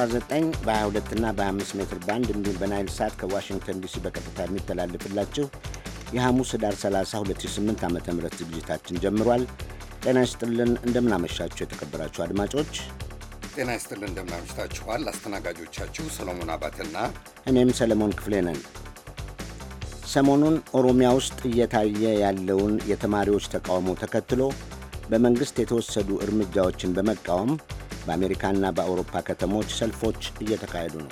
በ19 በ22 እና በ25 ሜትር ባንድ እንዲሁም በናይል ሳት ከዋሽንግተን ዲሲ በቀጥታ የሚተላለፍላችሁ የሐሙስ ዳር 30 2008 ዓ ም ዝግጅታችን ጀምሯል። ጤና ይስጥልን፣ እንደምናመሻችሁ የተከበራችሁ አድማጮች። ጤና ይስጥልን፣ እንደምናመሽታችኋል። አስተናጋጆቻችሁ ሰሎሞን አባትና እኔም ሰለሞን ክፍሌ ነን። ሰሞኑን ኦሮሚያ ውስጥ እየታየ ያለውን የተማሪዎች ተቃውሞ ተከትሎ በመንግሥት የተወሰዱ እርምጃዎችን በመቃወም በአሜሪካና በአውሮፓ ከተሞች ሰልፎች እየተካሄዱ ነው።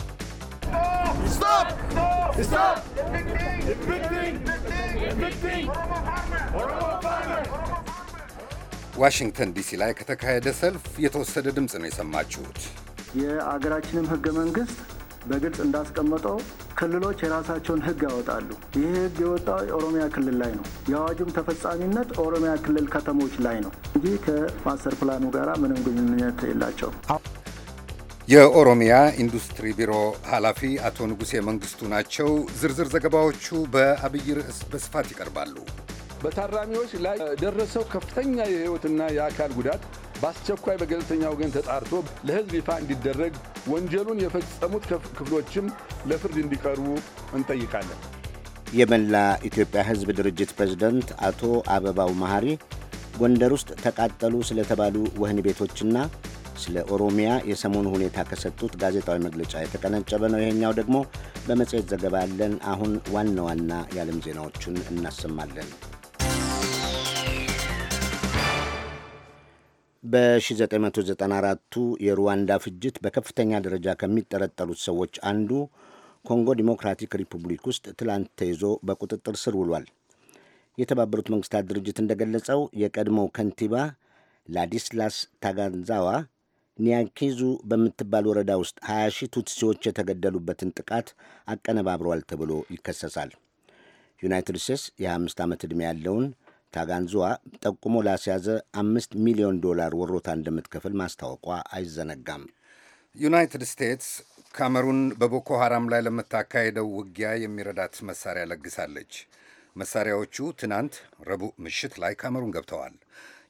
ዋሽንግተን ዲሲ ላይ ከተካሄደ ሰልፍ የተወሰደ ድምፅ ነው የሰማችሁት። የአገራችንም ህገ መንግስት። በግልጽ እንዳስቀመጠው ክልሎች የራሳቸውን ህግ ያወጣሉ። ይህ ህግ የወጣው የኦሮሚያ ክልል ላይ ነው። የአዋጁም ተፈጻሚነት ኦሮሚያ ክልል ከተሞች ላይ ነው እንጂ ከማስተር ፕላኑ ጋር ምንም ግንኙነት የላቸው። የኦሮሚያ ኢንዱስትሪ ቢሮ ኃላፊ አቶ ንጉሴ መንግስቱ ናቸው። ዝርዝር ዘገባዎቹ በአብይ ርዕስ በስፋት ይቀርባሉ። በታራሚዎች ላይ ደረሰው ከፍተኛ የህይወትና የአካል ጉዳት በአስቸኳይ በገለልተኛ ወገን ተጣርቶ ለሕዝብ ይፋ እንዲደረግ፣ ወንጀሉን የፈጸሙት ክፍሎችም ለፍርድ እንዲቀርቡ እንጠይቃለን። የመላ ኢትዮጵያ ሕዝብ ድርጅት ፕሬዝደንት አቶ አበባው መሐሪ ጎንደር ውስጥ ተቃጠሉ ስለተባሉ ወህኒ ቤቶችና ስለ ኦሮሚያ የሰሞኑ ሁኔታ ከሰጡት ጋዜጣዊ መግለጫ የተቀነጨበ ነው። ይሄኛው ደግሞ በመጽሔት ዘገባ አለን። አሁን ዋና ዋና የዓለም ዜናዎቹን እናሰማለን። በ1994ቱ የሩዋንዳ ፍጅት በከፍተኛ ደረጃ ከሚጠረጠሩት ሰዎች አንዱ ኮንጎ ዲሞክራቲክ ሪፑብሊክ ውስጥ ትላንት ተይዞ በቁጥጥር ስር ውሏል። የተባበሩት መንግስታት ድርጅት እንደገለጸው የቀድሞው ከንቲባ ላዲስላስ ታጋንዛዋ ኒያኪዙ በምትባል ወረዳ ውስጥ 20 ሺህ ቱትሲዎች የተገደሉበትን ጥቃት አቀነባብሯል ተብሎ ይከሰሳል። ዩናይትድ ስቴትስ የ25 ዓመት ዕድሜ ያለውን ታጋንዙዋ ጠቁሞ ላስያዘ አምስት ሚሊዮን ዶላር ወሮታ እንደምትከፍል ማስታወቋ አይዘነጋም። ዩናይትድ ስቴትስ ካሜሩን በቦኮ ሐራም ላይ ለምታካሄደው ውጊያ የሚረዳት መሳሪያ ለግሳለች። መሳሪያዎቹ ትናንት ረቡዕ ምሽት ላይ ካሜሩን ገብተዋል።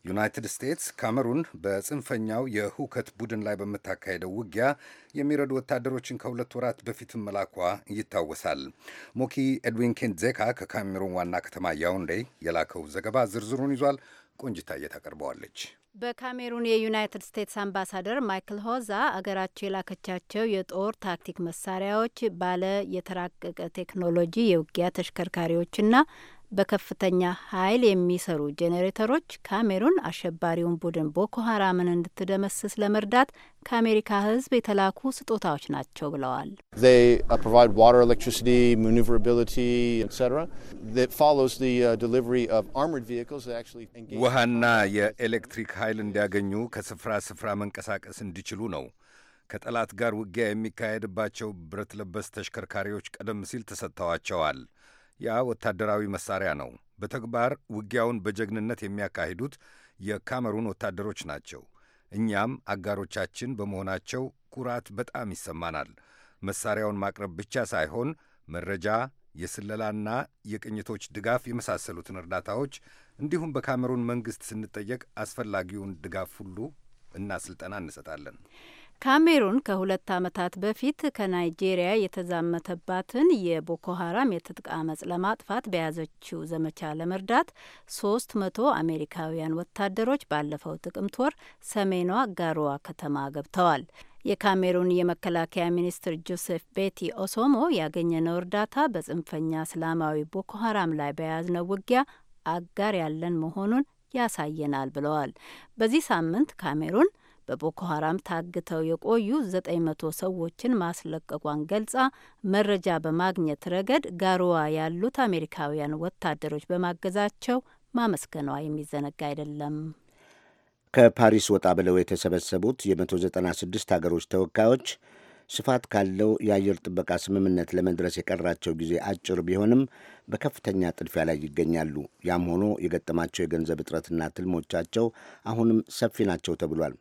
ዩናይትድ ስቴትስ ካሜሩን በጽንፈኛው የሁከት ቡድን ላይ በምታካሄደው ውጊያ የሚረዱ ወታደሮችን ከሁለት ወራት በፊትም መላኳ ይታወሳል። ሞኪ ኤድዊን ኬንዜካ ከካሜሩን ዋና ከተማ ያውንዴ የላከው ዘገባ ዝርዝሩን ይዟል። ቆንጅታ እየታቀርበዋለች። በካሜሩን የዩናይትድ ስቴትስ አምባሳደር ማይክል ሆዛ አገራቸው የላከቻቸው የጦር ታክቲክ መሳሪያዎች ባለ የተራቀቀ ቴክኖሎጂ የውጊያ ተሽከርካሪዎችና በከፍተኛ ኃይል የሚሰሩ ጄኔሬተሮች ካሜሩን አሸባሪውን ቡድን ቦኮ ሀራምን እንድትደመስስ ለመርዳት ከአሜሪካ ሕዝብ የተላኩ ስጦታዎች ናቸው ብለዋል። uh, uh, ውሃና የኤሌክትሪክ ኃይል እንዲያገኙ ከስፍራ ስፍራ መንቀሳቀስ እንዲችሉ ነው። ከጠላት ጋር ውጊያ የሚካሄድባቸው ብረት ለበስ ተሽከርካሪዎች ቀደም ሲል ተሰጥተዋቸዋል። ያ ወታደራዊ መሳሪያ ነው። በተግባር ውጊያውን በጀግንነት የሚያካሂዱት የካሜሩን ወታደሮች ናቸው። እኛም አጋሮቻችን በመሆናቸው ኩራት በጣም ይሰማናል። መሳሪያውን ማቅረብ ብቻ ሳይሆን መረጃ፣ የስለላና የቅኝቶች ድጋፍ የመሳሰሉትን እርዳታዎች እንዲሁም በካሜሩን መንግሥት ስንጠየቅ አስፈላጊውን ድጋፍ ሁሉ እና ስልጠና እንሰጣለን። ካሜሩን ከሁለት ዓመታት በፊት ከናይጄሪያ የተዛመተባትን የቦኮ ሀራም የትጥቅ አመጽ ለማጥፋት በያዘችው ዘመቻ ለመርዳት ሶስት መቶ አሜሪካውያን ወታደሮች ባለፈው ጥቅምት ወር ሰሜኗ ጋሮዋ ከተማ ገብተዋል። የካሜሩን የመከላከያ ሚኒስትር ጆሴፍ ቤቲ ኦሶሞ ያገኘነው እርዳታ በጽንፈኛ እስላማዊ ቦኮ ሀራም ላይ በያዝነው ውጊያ አጋር ያለን መሆኑን ያሳየናል ብለዋል። በዚህ ሳምንት ካሜሩን በቦኮ ሀራም ታግተው የቆዩ 900 ሰዎችን ማስለቀቋን ገልጻ መረጃ በማግኘት ረገድ ጋሮዋ ያሉት አሜሪካውያን ወታደሮች በማገዛቸው ማመስገኗ የሚዘነጋ አይደለም። ከፓሪስ ወጣ ብለው የተሰበሰቡት የ196 ሀገሮች ተወካዮች ስፋት ካለው የአየር ጥበቃ ስምምነት ለመድረስ የቀራቸው ጊዜ አጭር ቢሆንም በከፍተኛ ጥድፊያ ላይ ይገኛሉ። ያም ሆኖ የገጠማቸው የገንዘብ እጥረትና ትልሞቻቸው አሁንም ሰፊ ናቸው ተብሏል።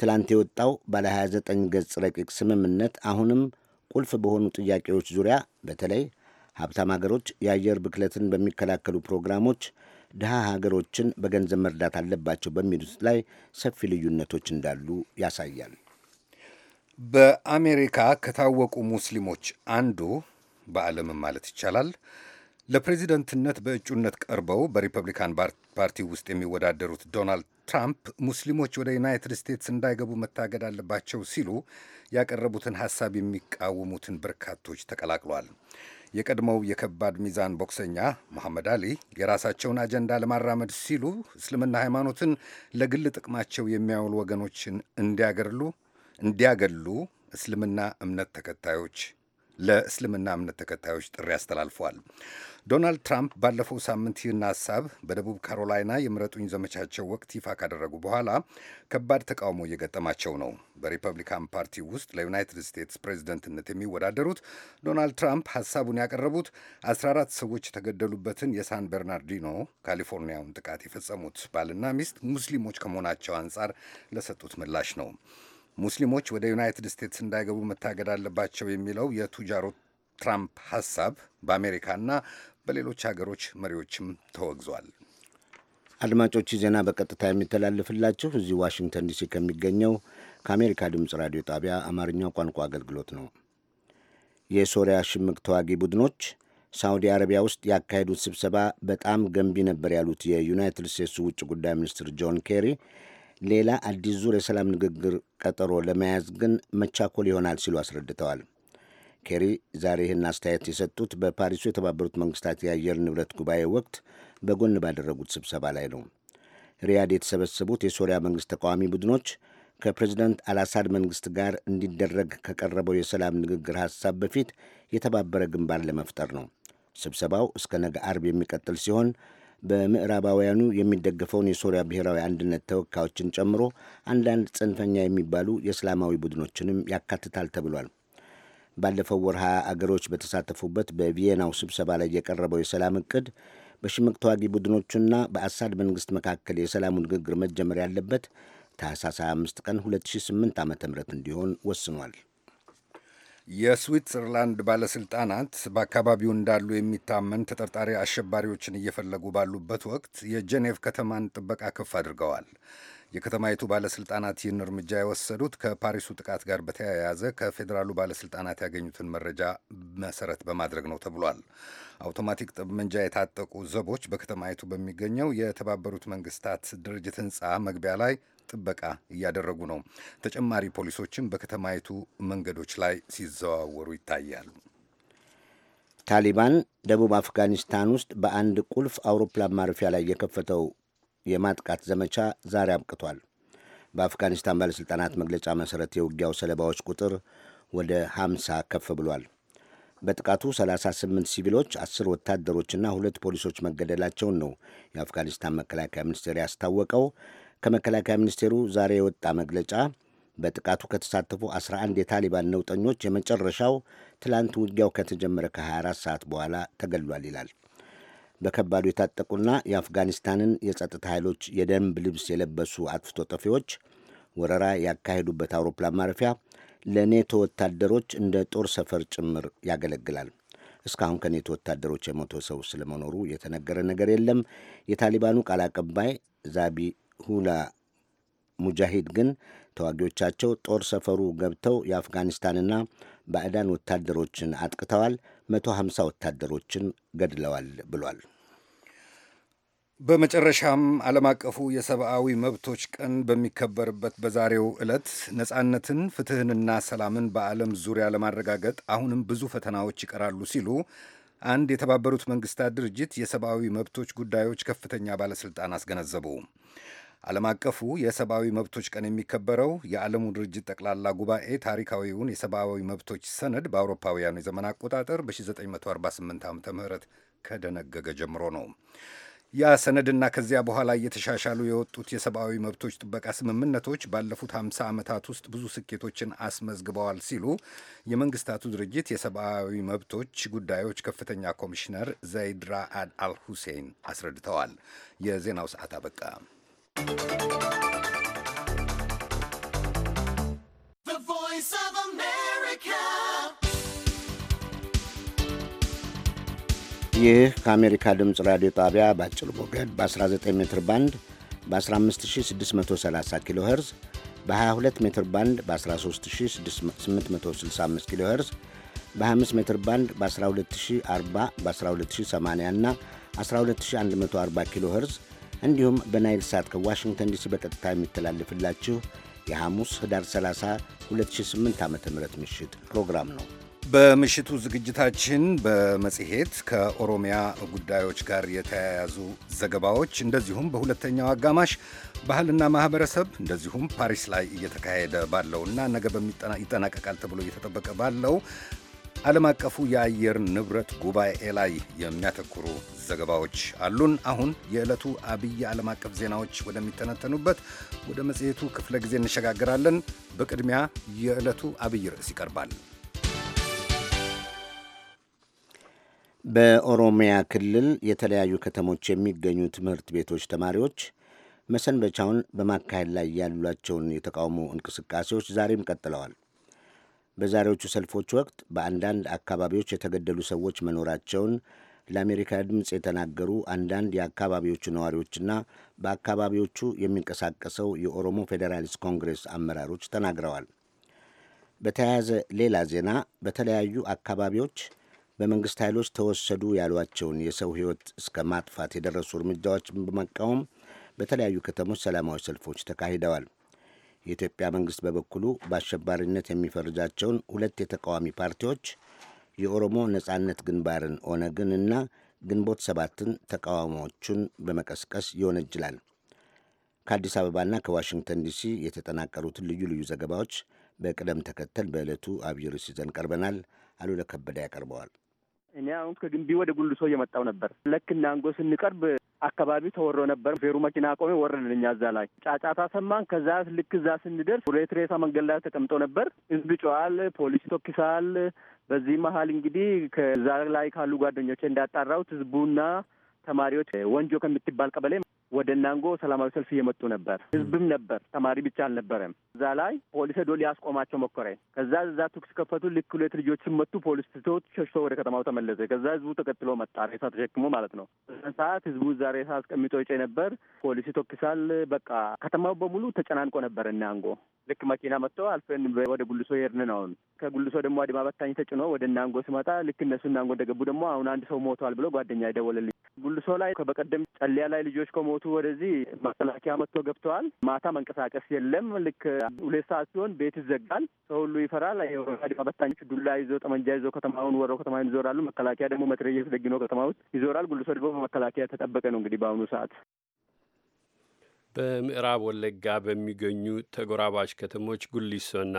ትላንት የወጣው ባለ 29 ገጽ ረቂቅ ስምምነት አሁንም ቁልፍ በሆኑ ጥያቄዎች ዙሪያ በተለይ ሀብታም ሀገሮች የአየር ብክለትን በሚከላከሉ ፕሮግራሞች ድሃ ሀገሮችን በገንዘብ መርዳት አለባቸው በሚሉት ላይ ሰፊ ልዩነቶች እንዳሉ ያሳያል። በአሜሪካ ከታወቁ ሙስሊሞች አንዱ በዓለምም ማለት ይቻላል ለፕሬዚደንትነት በእጩነት ቀርበው በሪፐብሊካን ፓርቲ ውስጥ የሚወዳደሩት ዶናልድ ትራምፕ ሙስሊሞች ወደ ዩናይትድ ስቴትስ እንዳይገቡ መታገድ አለባቸው ሲሉ ያቀረቡትን ሐሳብ የሚቃወሙትን በርካቶች ተቀላቅሏል። የቀድሞው የከባድ ሚዛን ቦክሰኛ መሐመድ አሊ የራሳቸውን አጀንዳ ለማራመድ ሲሉ እስልምና ሃይማኖትን ለግል ጥቅማቸው የሚያውሉ ወገኖችን እንዲያገሉ እንዲያገሉ እስልምና እምነት ተከታዮች ለእስልምና እምነት ተከታዮች ጥሪ አስተላልፏል። ዶናልድ ትራምፕ ባለፈው ሳምንት ይህን ሀሳብ በደቡብ ካሮላይና የምረጡኝ ዘመቻቸው ወቅት ይፋ ካደረጉ በኋላ ከባድ ተቃውሞ እየገጠማቸው ነው። በሪፐብሊካን ፓርቲ ውስጥ ለዩናይትድ ስቴትስ ፕሬዚደንትነት የሚወዳደሩት ዶናልድ ትራምፕ ሀሳቡን ያቀረቡት 14 ሰዎች የተገደሉበትን የሳን በርናርዲኖ ካሊፎርኒያውን ጥቃት የፈጸሙት ባልና ሚስት ሙስሊሞች ከመሆናቸው አንጻር ለሰጡት ምላሽ ነው። ሙስሊሞች ወደ ዩናይትድ ስቴትስ እንዳይገቡ መታገድ አለባቸው የሚለው የቱጃሮ ትራምፕ ሀሳብ በአሜሪካና በሌሎች ሀገሮች መሪዎችም ተወግዟል። አድማጮች ዜና በቀጥታ የሚተላልፍላችሁ እዚህ ዋሽንግተን ዲሲ ከሚገኘው ከአሜሪካ ድምፅ ራዲዮ ጣቢያ አማርኛው ቋንቋ አገልግሎት ነው። የሶሪያ ሽምቅ ተዋጊ ቡድኖች ሳውዲ አረቢያ ውስጥ ያካሄዱት ስብሰባ በጣም ገንቢ ነበር ያሉት የዩናይትድ ስቴትሱ ውጭ ጉዳይ ሚኒስትር ጆን ኬሪ ሌላ አዲስ ዙር የሰላም ንግግር ቀጠሮ ለመያዝ ግን መቻኮል ይሆናል ሲሉ አስረድተዋል። ኬሪ ዛሬ ይህን አስተያየት የሰጡት በፓሪሱ የተባበሩት መንግስታት የአየር ንብረት ጉባኤ ወቅት በጎን ባደረጉት ስብሰባ ላይ ነው። ሪያድ የተሰበሰቡት የሶሪያ መንግስት ተቃዋሚ ቡድኖች ከፕሬዚደንት አልአሳድ መንግስት ጋር እንዲደረግ ከቀረበው የሰላም ንግግር ሐሳብ በፊት የተባበረ ግንባር ለመፍጠር ነው። ስብሰባው እስከ ነገ አርብ የሚቀጥል ሲሆን በምዕራባውያኑ የሚደገፈውን የሶሪያ ብሔራዊ አንድነት ተወካዮችን ጨምሮ አንዳንድ ጽንፈኛ የሚባሉ የእስላማዊ ቡድኖችንም ያካትታል ተብሏል። ባለፈው ወር ሀያ አገሮች በተሳተፉበት በቪየናው ስብሰባ ላይ የቀረበው የሰላም እቅድ በሽምቅ ተዋጊ ቡድኖቹና በአሳድ መንግስት መካከል የሰላሙ ንግግር መጀመር ያለበት ታህሳስ 25 ቀን 2008 ዓ ም እንዲሆን ወስኗል። የስዊትዘርላንድ ባለሥልጣናት በአካባቢው እንዳሉ የሚታመን ተጠርጣሪ አሸባሪዎችን እየፈለጉ ባሉበት ወቅት የጄኔቭ ከተማን ጥበቃ ከፍ አድርገዋል። የከተማይቱ ባለስልጣናት ይህን እርምጃ የወሰዱት ከፓሪሱ ጥቃት ጋር በተያያዘ ከፌዴራሉ ባለስልጣናት ያገኙትን መረጃ መሰረት በማድረግ ነው ተብሏል። አውቶማቲክ ጠመንጃ የታጠቁ ዘቦች በከተማይቱ በሚገኘው የተባበሩት መንግስታት ድርጅት ህንፃ መግቢያ ላይ ጥበቃ እያደረጉ ነው። ተጨማሪ ፖሊሶችም በከተማይቱ መንገዶች ላይ ሲዘዋወሩ ይታያሉ። ታሊባን ደቡብ አፍጋኒስታን ውስጥ በአንድ ቁልፍ አውሮፕላን ማረፊያ ላይ የከፈተው የማጥቃት ዘመቻ ዛሬ አብቅቷል። በአፍጋኒስታን ባለሥልጣናት መግለጫ መሠረት የውጊያው ሰለባዎች ቁጥር ወደ 50 ከፍ ብሏል። በጥቃቱ 38 ሲቪሎች፣ 10 ወታደሮችና ሁለት ፖሊሶች መገደላቸውን ነው የአፍጋኒስታን መከላከያ ሚኒስቴር ያስታወቀው። ከመከላከያ ሚኒስቴሩ ዛሬ የወጣ መግለጫ በጥቃቱ ከተሳተፉ 11 የታሊባን ነውጠኞች የመጨረሻው ትላንት ውጊያው ከተጀመረ ከ24 ሰዓት በኋላ ተገድሏል ይላል። በከባዱ የታጠቁና የአፍጋኒስታንን የጸጥታ ኃይሎች የደንብ ልብስ የለበሱ አጥፍቶ ጠፊዎች ወረራ ያካሄዱበት አውሮፕላን ማረፊያ ለኔቶ ወታደሮች እንደ ጦር ሰፈር ጭምር ያገለግላል። እስካሁን ከኔቶ ወታደሮች የሞተ ሰው ስለመኖሩ የተነገረ ነገር የለም። የታሊባኑ ቃል አቀባይ ሁላ ሙጃሂድ ግን ተዋጊዎቻቸው ጦር ሰፈሩ ገብተው የአፍጋኒስታንና ባዕዳን ወታደሮችን አጥቅተዋል 150 ወታደሮችን ገድለዋል ብሏል። በመጨረሻም ዓለም አቀፉ የሰብአዊ መብቶች ቀን በሚከበርበት በዛሬው ዕለት ነጻነትን ፍትህንና ሰላምን በዓለም ዙሪያ ለማረጋገጥ አሁንም ብዙ ፈተናዎች ይቀራሉ ሲሉ አንድ የተባበሩት መንግስታት ድርጅት የሰብአዊ መብቶች ጉዳዮች ከፍተኛ ባለሥልጣን አስገነዘቡ። ዓለም አቀፉ የሰብአዊ መብቶች ቀን የሚከበረው የዓለሙ ድርጅት ጠቅላላ ጉባኤ ታሪካዊውን የሰብአዊ መብቶች ሰነድ በአውሮፓውያኑ የዘመን አቆጣጠር በ1948 ዓ ም ከደነገገ ጀምሮ ነው። ያ ሰነድና ከዚያ በኋላ እየተሻሻሉ የወጡት የሰብአዊ መብቶች ጥበቃ ስምምነቶች ባለፉት 50 ዓመታት ውስጥ ብዙ ስኬቶችን አስመዝግበዋል ሲሉ የመንግስታቱ ድርጅት የሰብአዊ መብቶች ጉዳዮች ከፍተኛ ኮሚሽነር ዘይድ ራአድ አልሁሴን አስረድተዋል። የዜናው ሰዓት አበቃ። ይህ ከአሜሪካ ድምፅ ራዲዮ ጣቢያ በአጭር ሞገድ በ19 ሜትር ባንድ በ15630 ኪሎ ኸርዝ በ22 ሜትር ባንድ በ13865 ኪሎ ኸርዝ በ25 ሜትር ባንድ በ12040 በ12080 እና 12140 ኪሎ ኸርዝ እንዲሁም በናይል ሳት ከዋሽንግተን ዲሲ በቀጥታ የሚተላለፍላችሁ የሐሙስ ህዳር 30 2008 ዓ ም ምሽት ፕሮግራም ነው። በምሽቱ ዝግጅታችን በመጽሔት ከኦሮሚያ ጉዳዮች ጋር የተያያዙ ዘገባዎች እንደዚሁም በሁለተኛው አጋማሽ ባህልና ማህበረሰብ እንደዚሁም ፓሪስ ላይ እየተካሄደ ባለውና ነገ ይጠናቀቃል ተብሎ እየተጠበቀ ባለው ዓለም አቀፉ የአየር ንብረት ጉባኤ ላይ የሚያተኩሩ ዘገባዎች አሉን። አሁን የዕለቱ አብይ ዓለም አቀፍ ዜናዎች ወደሚተነተኑበት ወደ መጽሔቱ ክፍለ ጊዜ እንሸጋግራለን። በቅድሚያ የዕለቱ አብይ ርዕስ ይቀርባል። በኦሮሚያ ክልል የተለያዩ ከተሞች የሚገኙ ትምህርት ቤቶች ተማሪዎች መሰንበቻውን በማካሄድ ላይ ያሏቸውን የተቃውሞ እንቅስቃሴዎች ዛሬም ቀጥለዋል። በዛሬዎቹ ሰልፎች ወቅት በአንዳንድ አካባቢዎች የተገደሉ ሰዎች መኖራቸውን ለአሜሪካ ድምፅ የተናገሩ አንዳንድ የአካባቢዎቹ ነዋሪዎችና በአካባቢዎቹ የሚንቀሳቀሰው የኦሮሞ ፌዴራሊስት ኮንግሬስ አመራሮች ተናግረዋል። በተያያዘ ሌላ ዜና በተለያዩ አካባቢዎች በመንግሥት ኃይሎች ተወሰዱ ያሏቸውን የሰው ሕይወት እስከ ማጥፋት የደረሱ እርምጃዎችን በመቃወም በተለያዩ ከተሞች ሰላማዊ ሰልፎች ተካሂደዋል። የኢትዮጵያ መንግሥት በበኩሉ በአሸባሪነት የሚፈርጃቸውን ሁለት የተቃዋሚ ፓርቲዎች የኦሮሞ ነጻነት ግንባርን ኦነግን እና ግንቦት ሰባትን ተቃዋሚዎቹን በመቀስቀስ ይወነጅላል። ከአዲስ አበባና ከዋሽንግተን ዲሲ የተጠናቀሩትን ልዩ ልዩ ዘገባዎች በቅደም ተከተል በዕለቱ አብይ ርዕስ ይዘን ቀርበናል። አሉለ ከበደ ያቀርበዋል። እኔ አሁን ከግንቢ ወደ ጉልሶ እየመጣው ነበር። ልክ እናንጎ ስንቀርብ አካባቢው ተወሮ ነበር። ፌሩ መኪና ቆሜ ወረድን። እኛ እዛ ላይ ጫጫታ ሰማን። ከዛ ልክ እዛ ስንደርስ ሁለት ሬሳ መንገድ ላይ ተቀምጦ ነበር። ህዝብ ጨዋል፣ ፖሊስ ቶኪሳል። በዚህ መሀል እንግዲህ ከዛ ላይ ካሉ ጓደኞቼ እንዳጣራሁት ህዝቡና ተማሪዎች ወንጆ ከምትባል ቀበሌ ወደ ናንጎ ሰላማዊ ሰልፍ እየመጡ ነበር። ህዝብም ነበር፣ ተማሪ ብቻ አልነበረም። እዛ ላይ ፖሊስ ሄዶ ሊያስቆማቸው ሞከረ። ከዛ እዛ ተኩስ ከፈቱ። ልክ ሁለት ልጆች ሲመቱ ፖሊስ ትቶት ሸሽቶ ወደ ከተማው ተመለሰ። ከዛ ህዝቡ ተከትሎ መጣ፣ ሬሳ ተሸክሞ ማለት ነው። በዛ ሰዓት ህዝቡ እዛ ሬሳ አስቀምጦ ይጨ ነበር። ፖሊስ ይቶክሳል። በቃ ከተማው በሙሉ ተጨናንቆ ነበር ናንጎ ልክ መኪና መጥቶ አልፈን ወደ ጉልሶ ሄድን ነው። አሁን ከጉልሶ ደግሞ አድማ በታኝ ተጭኖ ወደ ናንጎ ሲመጣ ልክ እነሱ ናንጎ እንደገቡ ደግሞ አሁን አንድ ሰው ሞቷል ብሎ ጓደኛ ይደወለልኝ ጉልሶ ላይ በቀደም ጨለያ ላይ ልጆች ከሞቱ ወደዚህ መከላከያ መጥቶ ገብተዋል። ማታ መንቀሳቀስ የለም። ልክ ሁለት ሰዓት ሲሆን ቤት ይዘጋል። ሰው ሁሉ ይፈራል። የወረዳ በታኞች ዱላ ይዞ ጠመንጃ ይዞ ከተማውን ወረው ከተማውን ይዞራሉ። መከላከያ ደግሞ መትረየስ ደግኖ ከተማ ውስጥ ይዞራል። ጉልሶ ደግሞ በመከላከያ ተጠበቀ ነው እንግዲህ በአሁኑ ሰዓት በምዕራብ ወለጋ በሚገኙ ተጎራባች ከተሞች ጉሊሶና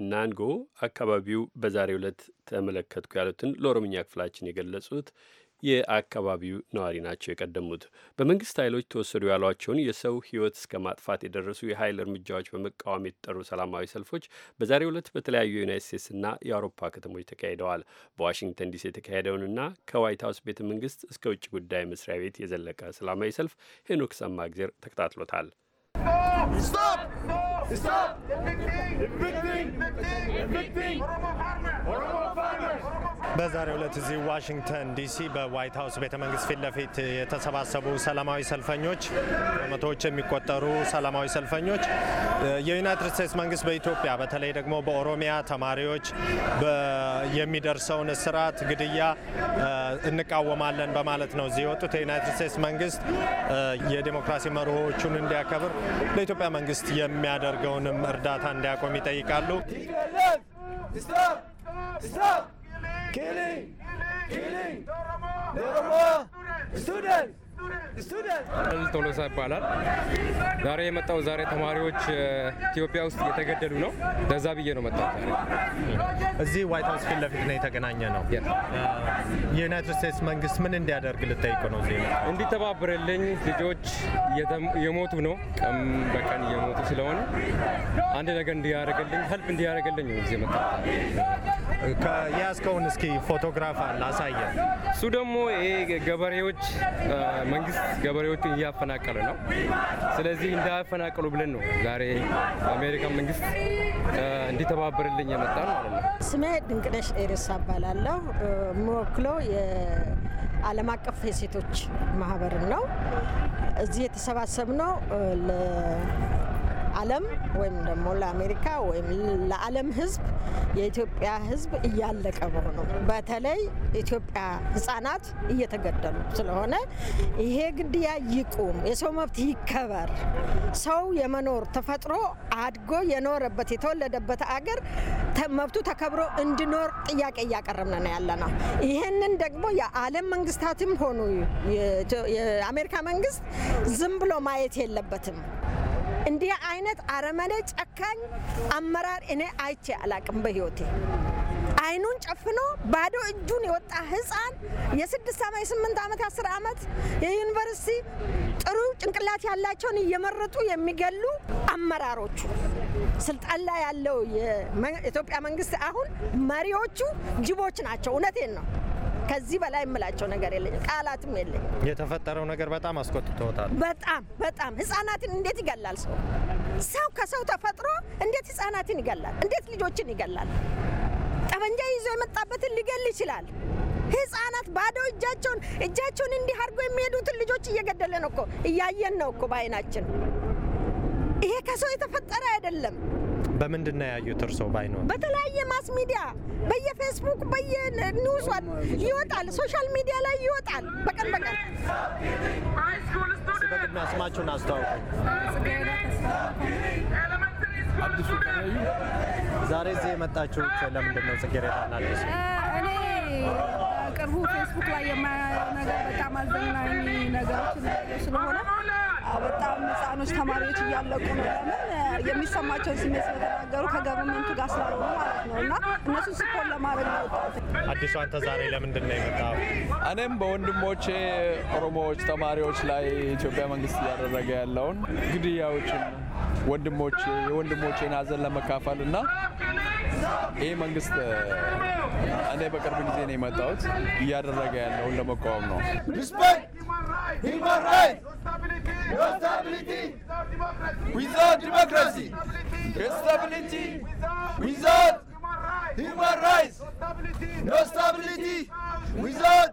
እናንጎ አካባቢው በዛሬው ዕለት ተመለከትኩ ያሉትን ለኦሮምኛ ክፍላችን የገለጹት የአካባቢው ነዋሪ ናቸው የቀደሙት። በመንግስት ኃይሎች ተወሰዱ ያሏቸውን የሰው ህይወት እስከ ማጥፋት የደረሱ የኃይል እርምጃዎች በመቃወም የተጠሩ ሰላማዊ ሰልፎች በዛሬው ዕለት በተለያዩ የዩናይት ስቴትስና የአውሮፓ ከተሞች ተካሂደዋል። በዋሽንግተን ዲሲ የተካሄደውንና ከዋይት ሀውስ ቤተ መንግስት እስከ ውጭ ጉዳይ መስሪያ ቤት የዘለቀ ሰላማዊ ሰልፍ ሄኖክ ሰማግዜር ተከታትሎታል። Stop! Stop! Stop! በዛሬው ዕለት እዚህ ዋሽንግተን ዲሲ በዋይት ሀውስ ቤተ መንግስት ፊት ለፊት የተሰባሰቡ ሰላማዊ ሰልፈኞች፣ በመቶዎች የሚቆጠሩ ሰላማዊ ሰልፈኞች የዩናይትድ ስቴትስ መንግስት በኢትዮጵያ በተለይ ደግሞ በኦሮሚያ ተማሪዎች የሚደርሰውን እስራት፣ ግድያ እንቃወማለን በማለት ነው እዚህ የወጡት። የዩናይትድ ስቴትስ መንግስት የዴሞክራሲ መርሆቹን እንዲያከብር ለኢትዮጵያ መንግስት የሚያደርገውንም እርዳታ እንዲያቆም ይጠይቃሉ። Killing! Killing! ዶሮሞ ስቱደንት ቶሎሳ ይባላል። ዛሬ የመጣው ዛሬ ተማሪዎች ኢትዮጵያ ውስጥ እየተገደሉ ነው። ለዛ ብዬ ነው መጣው። እዚህ ዋይት ሀውስ ፊት ለፊት ነው የተገናኘ ነው። የዩናይትድ ስቴትስ መንግስት ምን እንዲያደርግ ልጠይቅ ነው። እንዲተባብርልኝ ልጆች የሞቱ ነው፣ ቀን በቀን እየሞቱ ስለሆነ አንድ ነገር እንዲያደርግልኝ፣ ሀልፍ እንዲያደርግልኝ ነው እዚህ መጣ ያዝከውን እስኪ ፎቶግራፍ አለ አሳየ። እሱ ደግሞ ይሄ ገበሬዎች መንግስት ገበሬዎቹን እያፈናቀለ ነው። ስለዚህ እንዳያፈናቀሉ ብለን ነው ዛሬ አሜሪካ መንግስት እንዲተባበርልኝ የመጣ ማለት ነው። ስሜ ድንቅነሽ ኤርሳ እባላለሁ። የምወክለው የዓለም አቀፍ የሴቶች ማህበርን ነው። እዚህ የተሰባሰብ ነው ለዓለም ወይም ደግሞ ለአሜሪካ ወይም ለዓለም ህዝብ የኢትዮጵያ ህዝብ እያለቀ መሆኑ በተለይ ኢትዮጵያ ህጻናት እየተገደሉ ስለሆነ ይሄ ግድያ ይቁም፣ የሰው መብት ይከበር። ሰው የመኖር ተፈጥሮ አድጎ የኖረበት የተወለደበት አገር መብቱ ተከብሮ እንዲኖር ጥያቄ እያቀረብን ነው ያለ ነው። ይህንን ደግሞ የዓለም መንግስታትም ሆኑ የአሜሪካ መንግስት ዝም ብሎ ማየት የለበትም። እንዲህ አይነት አረመኔ ጨካኝ አመራር እኔ አይቼ አላቅም በህይወቴ። አይኑን ጨፍኖ ባዶ እጁን የወጣ ህፃን የስድስት ዓመት የስምንት ዓመት የአስር ዓመት የዩኒቨርሲቲ ጥሩ ጭንቅላት ያላቸውን እየመረጡ የሚገሉ አመራሮቹ ስልጣን ላይ ያለው የኢትዮጵያ መንግስት አሁን መሪዎቹ ጅቦች ናቸው። እውነቴን ነው። ከዚህ በላይ የምላቸው ነገር የለኝም፣ ቃላትም የለኝ። የተፈጠረው ነገር በጣም አስቆጥቶታል። በጣም በጣም ህጻናትን እንዴት ይገላል ሰው ሰው ከሰው ተፈጥሮ እንዴት ህጻናትን ይገላል? እንዴት ልጆችን ይገላል? ጠመንጃ ይዞ የመጣበትን ሊገል ይችላል። ህጻናት ባዶ እጃቸውን እጃቸውን እንዲህ አድርጎ የሚሄዱትን ልጆች እየገደለ ነው እኮ እያየን ነው እኮ በአይናችን ይሄ ከሰው የተፈጠረ አይደለም። በምንድን ነው ያዩት እርሶ? ባይኖ በተለያየ ማስ ሚዲያ በየፌስቡክ በየኒውሷን ይወጣል፣ ሶሻል ሚዲያ ላይ ይወጣል። በቀን በቀን በቅድሚያ ስማችሁን አስተዋውቁ። ዛሬ እዚህ የመጣችሁት ለምንድን ነው? እኔ ቅርቡ ፌስቡክ ላይ የማያየው ነገር በጣም አዘናኝ ነገሮች ስለሆነ በጣም ህጻኖች ተማሪዎች እያለቁ ነው። ለምን የሚሰማቸውን ስሜት ስለተናገሩ ከገቨርንመንቱ ጋር ስላልሆኑ ማለት ነው። እና እነሱን ስፖርት ለማድረግ ነው። አዲሱ አንተ ዛሬ ለምንድን ነው የመጣው? እኔም በወንድሞቼ ኦሮሞዎች ተማሪዎች ላይ ኢትዮጵያ መንግስት እያደረገ ያለውን ግድያዎችን ወንድሞች የወንድሞቼን ሀዘን ለመካፈል እና ይህ መንግስት እኔ በቅርብ ጊዜ ነው የመጣሁት እያደረገ ያለውን ለመቃወም ነው። Human rights! Stability! Stability! Without democracy! Stability! Without human rights! No stability! Without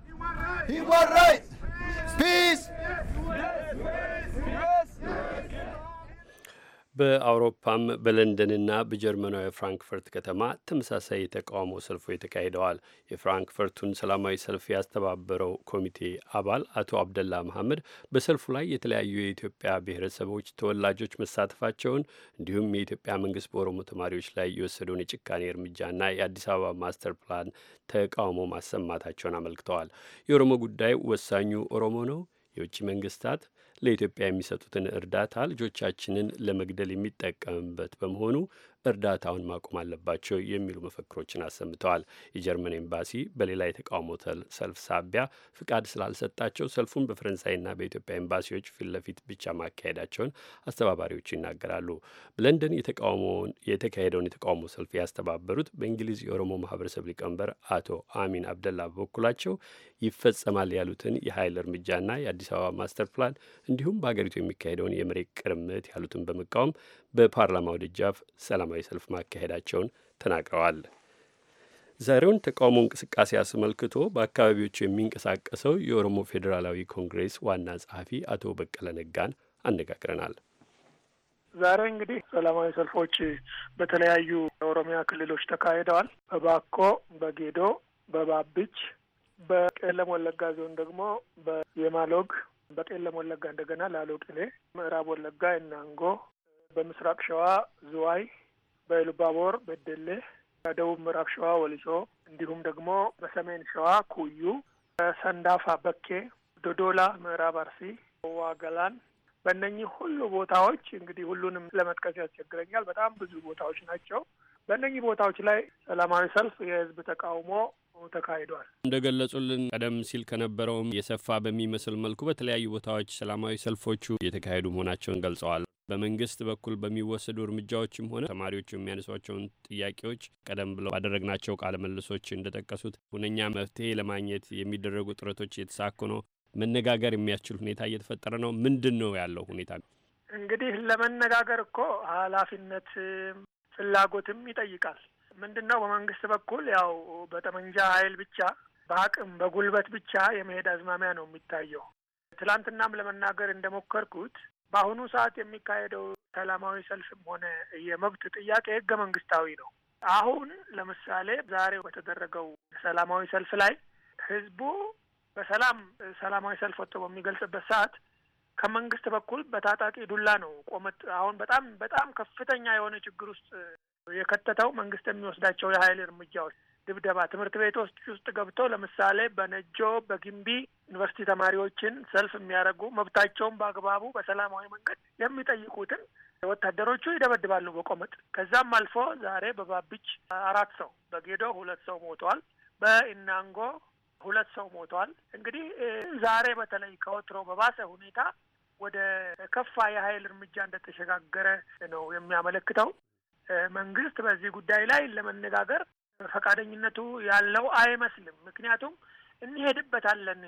human rights! Peace! በአውሮፓም በለንደንና በጀርመናዊ ፍራንክፈርት ከተማ ተመሳሳይ የተቃውሞ ሰልፎች ተካሂደዋል። የፍራንክፈርቱን ሰላማዊ ሰልፍ ያስተባበረው ኮሚቴ አባል አቶ አብደላ መሐመድ በሰልፉ ላይ የተለያዩ የኢትዮጵያ ብሔረሰቦች ተወላጆች መሳተፋቸውን እንዲሁም የኢትዮጵያ መንግስት በኦሮሞ ተማሪዎች ላይ የወሰደውን የጭካኔ እርምጃና የአዲስ አበባ ማስተር ፕላን ተቃውሞ ማሰማታቸውን አመልክተዋል። የኦሮሞ ጉዳይ ወሳኙ ኦሮሞ ነው የውጭ መንግስታት ለኢትዮጵያ የሚሰጡትን እርዳታ ልጆቻችንን ለመግደል የሚጠቀምበት በመሆኑ እርዳታውን ማቆም አለባቸው የሚሉ መፈክሮችን አሰምተዋል። የጀርመን ኤምባሲ በሌላ የተቃውሞ ሰልፍ ሳቢያ ፍቃድ ስላልሰጣቸው ሰልፉን በፈረንሳይና በኢትዮጵያ ኤምባሲዎች ፊት ለፊት ብቻ ማካሄዳቸውን አስተባባሪዎቹ ይናገራሉ። በለንደን የተካሄደውን የተቃውሞ ሰልፍ ያስተባበሩት በእንግሊዝ የኦሮሞ ማህበረሰብ ሊቀመንበር አቶ አሚን አብደላ በበኩላቸው ይፈጸማል ያሉትን የኃይል እርምጃና የአዲስ አበባ ማስተር ፕላን እንዲሁም በሀገሪቱ የሚካሄደውን የመሬት ቅርምት ያሉትን በመቃወም በፓርላማው ደጃፍ ሰላማዊ ሰልፍ ማካሄዳቸውን ተናግረዋል። ዛሬውን ተቃውሞ እንቅስቃሴ አስመልክቶ በአካባቢዎቹ የሚንቀሳቀሰው የኦሮሞ ፌዴራላዊ ኮንግሬስ ዋና ጸሐፊ አቶ በቀለ ነጋን አነጋግረናል። ዛሬ እንግዲህ ሰላማዊ ሰልፎች በተለያዩ የኦሮሚያ ክልሎች ተካሂደዋል። በባኮ፣ በጌዶ፣ በባብች፣ በቄለም ወለጋ ዞን ደግሞ የማሎግ በቄለም ወለጋ እንደገና ላሎ ምዕራብ ወለጋ የናንጎ፣ በምስራቅ ሸዋ ዝዋይ፣ በኢሉባቦር በደሌ፣ በደቡብ ምዕራብ ሸዋ ወልጮ እንዲሁም ደግሞ በሰሜን ሸዋ ኩዩ፣ ሰንዳፋ በኬ፣ ዶዶላ ምዕራብ አርሲ፣ ዋገላን በእነኚህ ሁሉ ቦታዎች እንግዲህ ሁሉንም ለመጥቀስ ያስቸግረኛል። በጣም ብዙ ቦታዎች ናቸው። በእነኚህ ቦታዎች ላይ ሰላማዊ ሰልፍ፣ የህዝብ ተቃውሞ ተካሂዷል። እንደገለጹልን ቀደም ሲል ከነበረውም የሰፋ በሚመስል መልኩ በተለያዩ ቦታዎች ሰላማዊ ሰልፎቹ የተካሄዱ መሆናቸውን ገልጸዋል። በመንግስት በኩል በሚወሰዱ እርምጃዎችም ሆነ ተማሪዎቹ የሚያነሷቸውን ጥያቄዎች ቀደም ብለው ባደረግናቸው ቃለ መልሶች እንደጠቀሱት ሁነኛ መፍትሄ ለማግኘት የሚደረጉ ጥረቶች እየተሳኩ ነው። መነጋገር የሚያስችል ሁኔታ እየተፈጠረ ነው። ምንድን ነው ያለው ሁኔታ? እንግዲህ ለመነጋገር እኮ ኃላፊነት ፍላጎትም ይጠይቃል። ምንድን ነው በመንግስት በኩል ያው በጠመንጃ ኃይል ብቻ በአቅም በጉልበት ብቻ የመሄድ አዝማሚያ ነው የሚታየው። ትላንትናም ለመናገር እንደሞከርኩት በአሁኑ ሰዓት የሚካሄደው ሰላማዊ ሰልፍም ሆነ የመብት ጥያቄ ህገ መንግስታዊ ነው። አሁን ለምሳሌ ዛሬ በተደረገው ሰላማዊ ሰልፍ ላይ ህዝቡ በሰላም ሰላማዊ ሰልፍ ወጥቶ በሚገልጽበት ሰዓት ከመንግስት በኩል በታጣቂ ዱላ ነው ቆመት አሁን በጣም በጣም ከፍተኛ የሆነ ችግር ውስጥ የከተተው መንግስት የሚወስዳቸው የኃይል እርምጃዎች ድብደባ፣ ትምህርት ቤቶች ውስጥ ገብቶ ለምሳሌ በነጆ በግንቢ ዩኒቨርሲቲ ተማሪዎችን ሰልፍ የሚያደርጉ መብታቸውን በአግባቡ በሰላማዊ መንገድ የሚጠይቁትን ወታደሮቹ ይደበድባሉ በቆመጥ። ከዛም አልፎ ዛሬ በባቢች አራት ሰው በጌዶ ሁለት ሰው ሞተዋል። በኢናንጎ ሁለት ሰው ሞተዋል። እንግዲህ ዛሬ በተለይ ከወትሮ በባሰ ሁኔታ ወደ ከፋ የኃይል እርምጃ እንደተሸጋገረ ነው የሚያመለክተው። መንግስት በዚህ ጉዳይ ላይ ለመነጋገር ፈቃደኝነቱ ያለው አይመስልም። ምክንያቱም እንሄድበታለን፣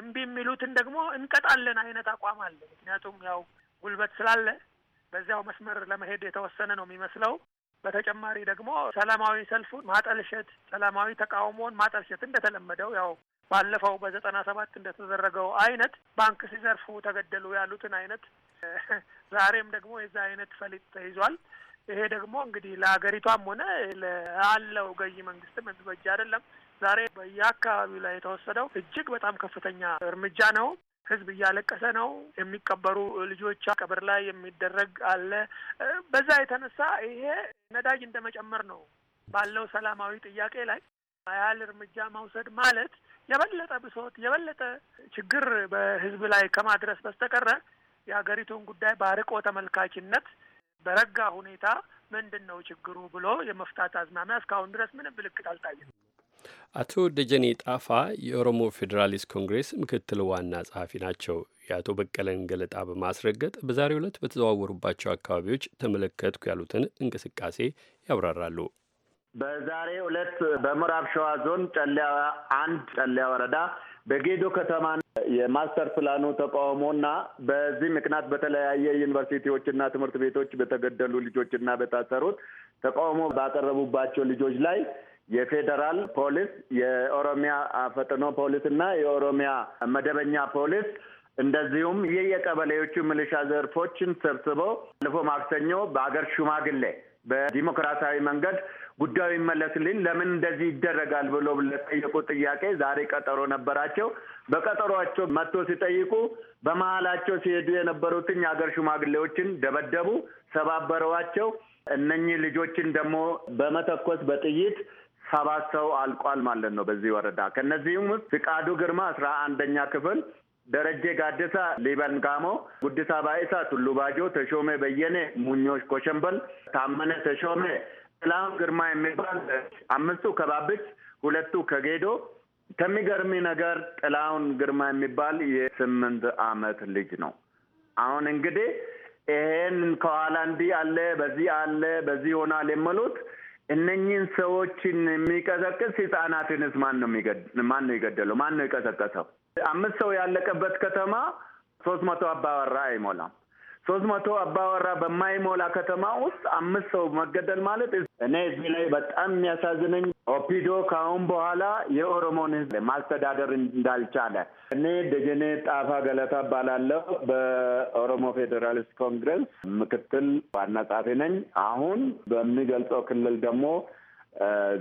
እምቢ የሚሉትን ደግሞ እንቀጣለን አይነት አቋም አለ። ምክንያቱም ያው ጉልበት ስላለ በዚያው መስመር ለመሄድ የተወሰነ ነው የሚመስለው። በተጨማሪ ደግሞ ሰላማዊ ሰልፉን ማጠልሸት፣ ሰላማዊ ተቃውሞን ማጠልሸት እንደተለመደው ያው ባለፈው በዘጠና ሰባት እንደተደረገው አይነት ባንክ ሲዘርፉ ተገደሉ ያሉትን አይነት ዛሬም ደግሞ የዛ አይነት ፈሊጥ ተይዟል። ይሄ ደግሞ እንግዲህ ለሀገሪቷም ሆነ ለአለው ገዢ መንግስትም የሚበጅ አይደለም። ዛሬ በየአካባቢው ላይ የተወሰደው እጅግ በጣም ከፍተኛ እርምጃ ነው። ህዝብ እያለቀሰ ነው። የሚቀበሩ ልጆች ቀብር ላይ የሚደረግ አለ። በዛ የተነሳ ይሄ ነዳጅ እንደመጨመር ነው። ባለው ሰላማዊ ጥያቄ ላይ ያህል እርምጃ መውሰድ ማለት የበለጠ ብሶት፣ የበለጠ ችግር በህዝብ ላይ ከማድረስ በስተቀረ የሀገሪቱን ጉዳይ በአርቆ ተመልካችነት በረጋ ሁኔታ ምንድን ነው ችግሩ ብሎ የመፍታት አዝማሚያ እስካሁን ድረስ ምንም ምልክት አልታየም። አቶ ደጀኔ ጣፋ የኦሮሞ ፌዴራሊስት ኮንግሬስ ምክትል ዋና ጸሐፊ ናቸው። የአቶ በቀለን ገለጣ በማስረገጥ በዛሬው ዕለት በተዘዋወሩባቸው አካባቢዎች ተመለከትኩ ያሉትን እንቅስቃሴ ያብራራሉ። በዛሬው ዕለት በምዕራብ ሸዋ ዞን ጨለያ አንድ ጨለያ ወረዳ በጌዶ ከተማ የማስተር ፕላኑ ተቃውሞና በዚህ ምክንያት በተለያየ ዩኒቨርሲቲዎችና ትምህርት ቤቶች በተገደሉ ልጆችና በታሰሩት ተቃውሞ ባቀረቡባቸው ልጆች ላይ የፌዴራል ፖሊስ፣ የኦሮሚያ ፈጥኖ ፖሊስ እና የኦሮሚያ መደበኛ ፖሊስ እንደዚሁም የየቀበሌዎቹ ምልሻ ዘርፎችን ሰብስበው አልፎ ማክሰኞ በሀገር ሽማግሌ በዲሞክራሲያዊ መንገድ ጉዳዩ ይመለስልኝ፣ ለምን እንደዚህ ይደረጋል ብሎ ለጠየቁ ጥያቄ ዛሬ ቀጠሮ ነበራቸው። በቀጠሯቸው መጥቶ ሲጠይቁ በመሀላቸው ሲሄዱ የነበሩትን የሀገር ሽማግሌዎችን ደበደቡ፣ ሰባበረዋቸው። እነኚህ ልጆችን ደግሞ በመተኮስ በጥይት ሰባት ሰው አልቋል ማለት ነው በዚህ ወረዳ። ከእነዚህም ውስጥ ፍቃዱ ግርማ አስራ አንደኛ ክፍል ደረጀ ጋደሳ ሊበን ጋሞ፣ ጉዲሳ ባይሳ ቱሉ ባጆ፣ ተሾሜ በየኔ ሙኞች ኮሸንበል፣ ታመነ ተሾሜ ጥላሁን ግርማ የሚባል አምስቱ ከባብች፣ ሁለቱ ከጌዶ። ከሚገርሚ ነገር ጥላሁን ግርማ የሚባል የስምንት አመት ልጅ ነው። አሁን እንግዲህ ይሄን ከኋላ እንዲህ አለ፣ በዚህ አለ፣ በዚህ ሆናል የምሉት እነኝህን ሰዎችን የሚቀሰቅስ ህጻናትንስ ማን ነው ማን ነው የገደለው? ማን ነው የቀሰቀሰው? አምስት ሰው ያለቀበት ከተማ ሶስት መቶ አባወራ አይሞላም። ሶስት መቶ አባወራ በማይሞላ ከተማ ውስጥ አምስት ሰው መገደል ማለት እኔ እዚህ ላይ በጣም የሚያሳዝነኝ ኦፒዶ ከአሁን በኋላ የኦሮሞን ህዝብ ማስተዳደር እንዳልቻለ። እኔ ደጀኔ ጣፋ ገለታ እባላለሁ። በኦሮሞ ፌዴራሊስት ኮንግረስ ምክትል ዋና ጸሐፊ ነኝ። አሁን በሚገልጸው ክልል ደግሞ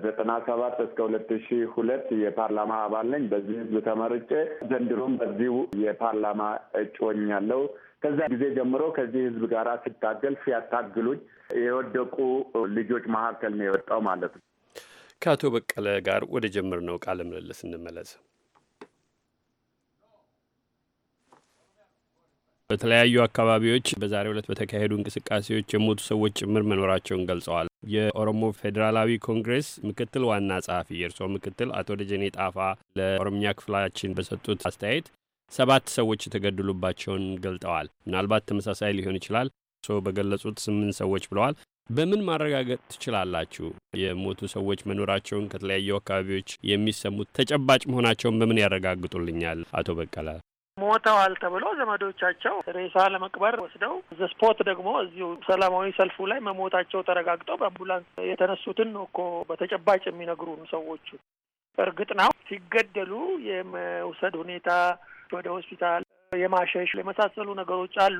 ዘጠና ሰባት እስከ ሁለት ሺ ሁለት የፓርላማ አባል ነኝ። በዚህ ህዝብ ተመርጬ ዘንድሮም በዚሁ የፓርላማ እጩ ሆኛለሁ። ከዛ ጊዜ ጀምሮ ከዚህ ህዝብ ጋር ስታገል ሲያታግሉኝ የወደቁ ልጆች መካከል ነው የወጣው ማለት ነው። ከአቶ በቀለ ጋር ወደ ጀምር ነው ቃለ ምልልስ እንመለስ። በተለያዩ አካባቢዎች በዛሬው ዕለት በተካሄዱ እንቅስቃሴዎች የሞቱ ሰዎች ጭምር መኖራቸውን ገልጸዋል። የኦሮሞ ፌዴራላዊ ኮንግሬስ ምክትል ዋና ጸሐፊ የእርስዎ ምክትል አቶ ደጀኔ ጣፋ ለኦሮምኛ ክፍላችን በሰጡት አስተያየት ሰባት ሰዎች የተገደሉባቸውን ገልጠዋል። ምናልባት ተመሳሳይ ሊሆን ይችላል። እርስዎ በገለጹት ስምንት ሰዎች ብለዋል። በምን ማረጋገጥ ትችላላችሁ? የሞቱ ሰዎች መኖራቸውን ከተለያዩ አካባቢዎች የሚሰሙት ተጨባጭ መሆናቸውን በምን ያረጋግጡልኛል? አቶ በቀለ ሞተዋል ተብሎ ዘመዶቻቸው ሬሳ ለመቅበር ወስደው ስፖት ደግሞ እዚሁ ሰላማዊ ሰልፉ ላይ መሞታቸው ተረጋግጠው በአምቡላንስ የተነሱትን ነው እኮ በተጨባጭ የሚነግሩን ሰዎቹ። እርግጥ ነው ሲገደሉ የመውሰድ ሁኔታ ወደ ሆስፒታል የማሸሽ የመሳሰሉ ነገሮች አሉ።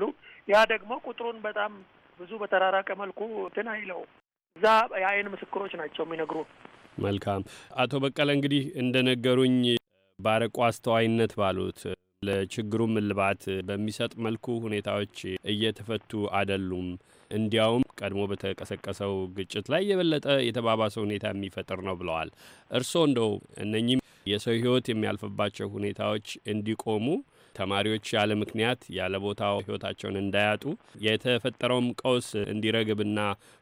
ያ ደግሞ ቁጥሩን በጣም ብዙ በተራራቀ መልኩ እንትን አይለው። እዛ የአይን ምስክሮች ናቸው የሚነግሩ። መልካም አቶ በቀለ እንግዲህ እንደነገሩኝ ባረቁ አስተዋይነት ባሉት ለችግሩ እልባት በሚሰጥ መልኩ ሁኔታዎች እየተፈቱ አይደሉም። እንዲያውም ቀድሞ በተቀሰቀሰው ግጭት ላይ የበለጠ የተባባሰ ሁኔታ የሚፈጥር ነው ብለዋል። እርስዎ እንደው እነኚህም የሰው ህይወት የሚያልፍባቸው ሁኔታዎች እንዲቆሙ ተማሪዎች ያለ ምክንያት ያለ ቦታው ህይወታቸውን እንዳያጡ የተፈጠረውም ቀውስ እንዲረግብና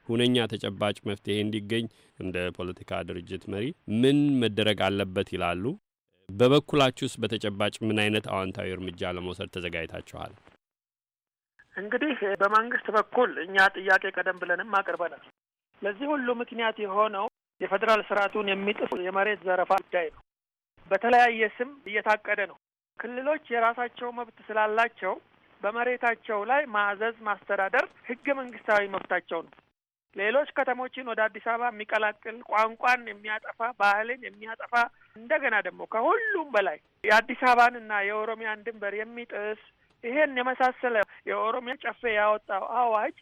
ሁነኛ ተጨባጭ መፍትሄ እንዲገኝ እንደ ፖለቲካ ድርጅት መሪ ምን መደረግ አለበት ይላሉ? በበኩላችሁስ በተጨባጭ ምን አይነት አዋንታዊ እርምጃ ለመውሰድ ተዘጋጅታችኋል? እንግዲህ በመንግስት በኩል እኛ ጥያቄ ቀደም ብለንም አቅርበናል። ለዚህ ሁሉ ምክንያት የሆነው የፌዴራል ስርዓቱን የሚጥፍ የመሬት ዘረፋ ጉዳይ ነው። በተለያየ ስም እየታቀደ ነው። ክልሎች የራሳቸው መብት ስላላቸው በመሬታቸው ላይ ማዕዘዝ ማስተዳደር ህገ መንግስታዊ መብታቸው ነው። ሌሎች ከተሞችን ወደ አዲስ አበባ የሚቀላቅል ቋንቋን የሚያጠፋ ባህልን የሚያጠፋ እንደገና ደግሞ ከሁሉም በላይ የአዲስ አበባን እና የኦሮሚያን ድንበር የሚጥስ ይሄን የመሳሰለ የኦሮሚያ ጨፌ ያወጣው አዋጅ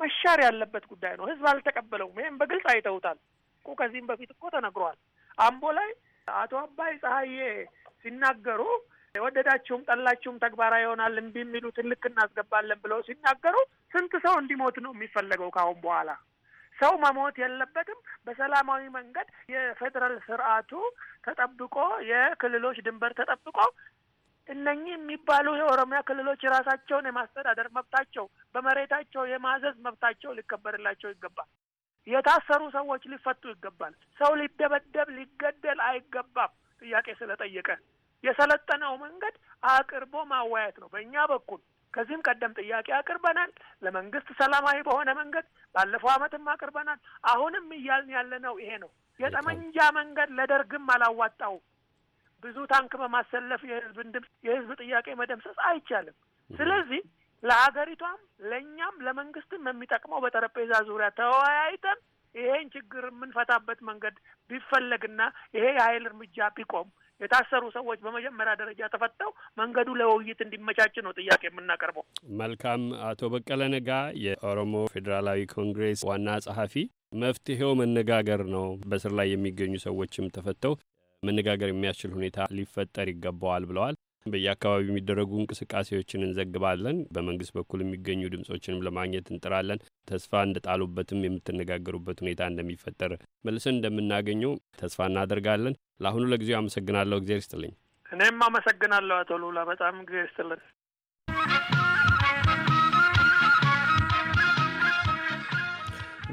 መሻር ያለበት ጉዳይ ነው። ህዝብ አልተቀበለውም። ይህም በግልጽ አይተውታል እኮ ከዚህም በፊት እኮ ተነግሯል። አምቦ ላይ አቶ አባይ ፀሐዬ ሲናገሩ የወደዳችሁም ጠላችሁም ተግባራዊ ይሆናል እምቢ የሚሉትን ልክ እናስገባለን ብለው ሲናገሩ ስንት ሰው እንዲሞት ነው የሚፈለገው? ካሁን በኋላ ሰው መሞት የለበትም። በሰላማዊ መንገድ የፌዴራል ስርዓቱ ተጠብቆ የክልሎች ድንበር ተጠብቆ እነኚህ የሚባሉ የኦሮሚያ ክልሎች የራሳቸውን የማስተዳደር መብታቸው፣ በመሬታቸው የማዘዝ መብታቸው ሊከበርላቸው ይገባል። የታሰሩ ሰዎች ሊፈቱ ይገባል። ሰው ሊደበደብ ሊገደል አይገባም። ጥያቄ ስለጠየቀ የሰለጠነው መንገድ አቅርቦ ማወያየት ነው በእኛ በኩል። ከዚህም ቀደም ጥያቄ አቅርበናል ለመንግስት ሰላማዊ በሆነ መንገድ ባለፈው ዓመትም አቅርበናል። አሁንም እያልን ነው ይሄ ነው። የጠመንጃ መንገድ ለደርግም አላዋጣውም። ብዙ ታንክ በማሰለፍ የህዝብን ድምፅ የህዝብ ጥያቄ መደምሰስ አይቻልም። ስለዚህ ለአገሪቷም ለእኛም ለመንግስትም የሚጠቅመው በጠረጴዛ ዙሪያ ተወያይተን ይሄን ችግር የምንፈታበት መንገድ ቢፈለግና ይሄ የሀይል እርምጃ ቢቆም የታሰሩ ሰዎች በመጀመሪያ ደረጃ ተፈተው መንገዱ ለውይይት እንዲመቻች ነው ጥያቄ የምናቀርበው። መልካም። አቶ በቀለ ነጋ የኦሮሞ ፌዴራላዊ ኮንግሬስ ዋና ጸሐፊ፣ መፍትሄው መነጋገር ነው። በስር ላይ የሚገኙ ሰዎችም ተፈተው መነጋገር የሚያስችል ሁኔታ ሊፈጠር ይገባዋል ብለዋል። በየአካባቢው የሚደረጉ እንቅስቃሴዎችን እንዘግባለን። በመንግስት በኩል የሚገኙ ድምጾችንም ለማግኘት እንጥራለን። ተስፋ እንደጣሉበትም የምትነጋገሩበት ሁኔታ እንደሚፈጠር መልሰን እንደምናገኘው ተስፋ እናደርጋለን። ለአሁኑ ለጊዜው አመሰግናለሁ። እግዜር ይስጥልኝ። እኔም አመሰግናለሁ አቶ ሉላ፣ በጣም እግዜር ይስጥልን።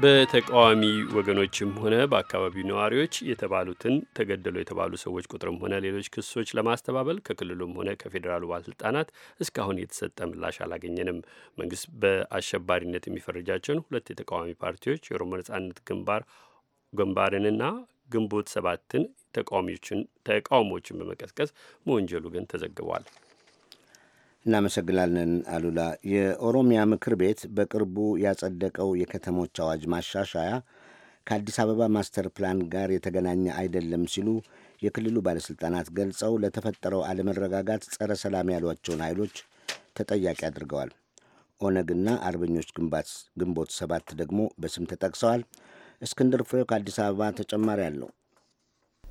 በተቃዋሚ ወገኖችም ሆነ በአካባቢው ነዋሪዎች የተባሉትን ተገደሉ የተባሉ ሰዎች ቁጥርም ሆነ ሌሎች ክሶች ለማስተባበል ከክልሉም ሆነ ከፌዴራሉ ባለስልጣናት እስካሁን የተሰጠ ምላሽ አላገኘንም። መንግስት በአሸባሪነት የሚፈርጃቸውን ሁለት የተቃዋሚ ፓርቲዎች የኦሮሞ ነጻነት ግንባር ግንባርንና ግንቦት ሰባትን ተቃዋሚዎችን በመቀስቀስ መወንጀሉ ግን ተዘግቧል። እናመሰግናለን አሉላ። የኦሮሚያ ምክር ቤት በቅርቡ ያጸደቀው የከተሞች አዋጅ ማሻሻያ ከአዲስ አበባ ማስተር ፕላን ጋር የተገናኘ አይደለም ሲሉ የክልሉ ባለሥልጣናት ገልጸው ለተፈጠረው አለመረጋጋት ጸረ ሰላም ያሏቸውን ኃይሎች ተጠያቂ አድርገዋል። ኦነግና አርበኞች ግንቦት ሰባት ደግሞ በስም ተጠቅሰዋል። እስክንድር ፍሬው ከአዲስ አበባ ተጨማሪ አለው።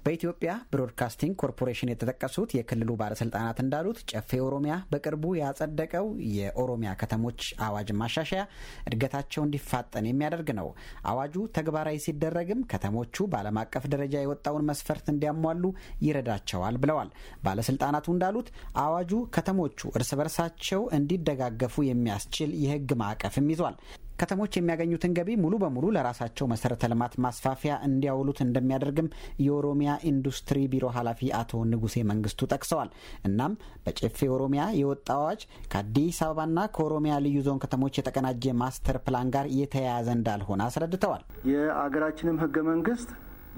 በኢትዮጵያ ብሮድካስቲንግ ኮርፖሬሽን የተጠቀሱት የክልሉ ባለስልጣናት እንዳሉት ጨፌ ኦሮሚያ በቅርቡ ያጸደቀው የኦሮሚያ ከተሞች አዋጅ ማሻሻያ እድገታቸው እንዲፋጠን የሚያደርግ ነው። አዋጁ ተግባራዊ ሲደረግም ከተሞቹ በዓለም አቀፍ ደረጃ የወጣውን መስፈርት እንዲያሟሉ ይረዳቸዋል ብለዋል። ባለስልጣናቱ እንዳሉት አዋጁ ከተሞቹ እርስ በርሳቸው እንዲደጋገፉ የሚያስችል የህግ ማዕቀፍም ይዟል። ከተሞች የሚያገኙትን ገቢ ሙሉ በሙሉ ለራሳቸው መሰረተ ልማት ማስፋፊያ እንዲያውሉት እንደሚያደርግም የኦሮሚያ ኢንዱስትሪ ቢሮ ኃላፊ አቶ ንጉሴ መንግስቱ ጠቅሰዋል። እናም በጨፌ ኦሮሚያ የወጣ አዋጅ ከአዲስ አበባና ከኦሮሚያ ልዩ ዞን ከተሞች የተቀናጀ ማስተር ፕላን ጋር የተያያዘ እንዳልሆነ አስረድተዋል። የአገራችንም ህገ መንግስት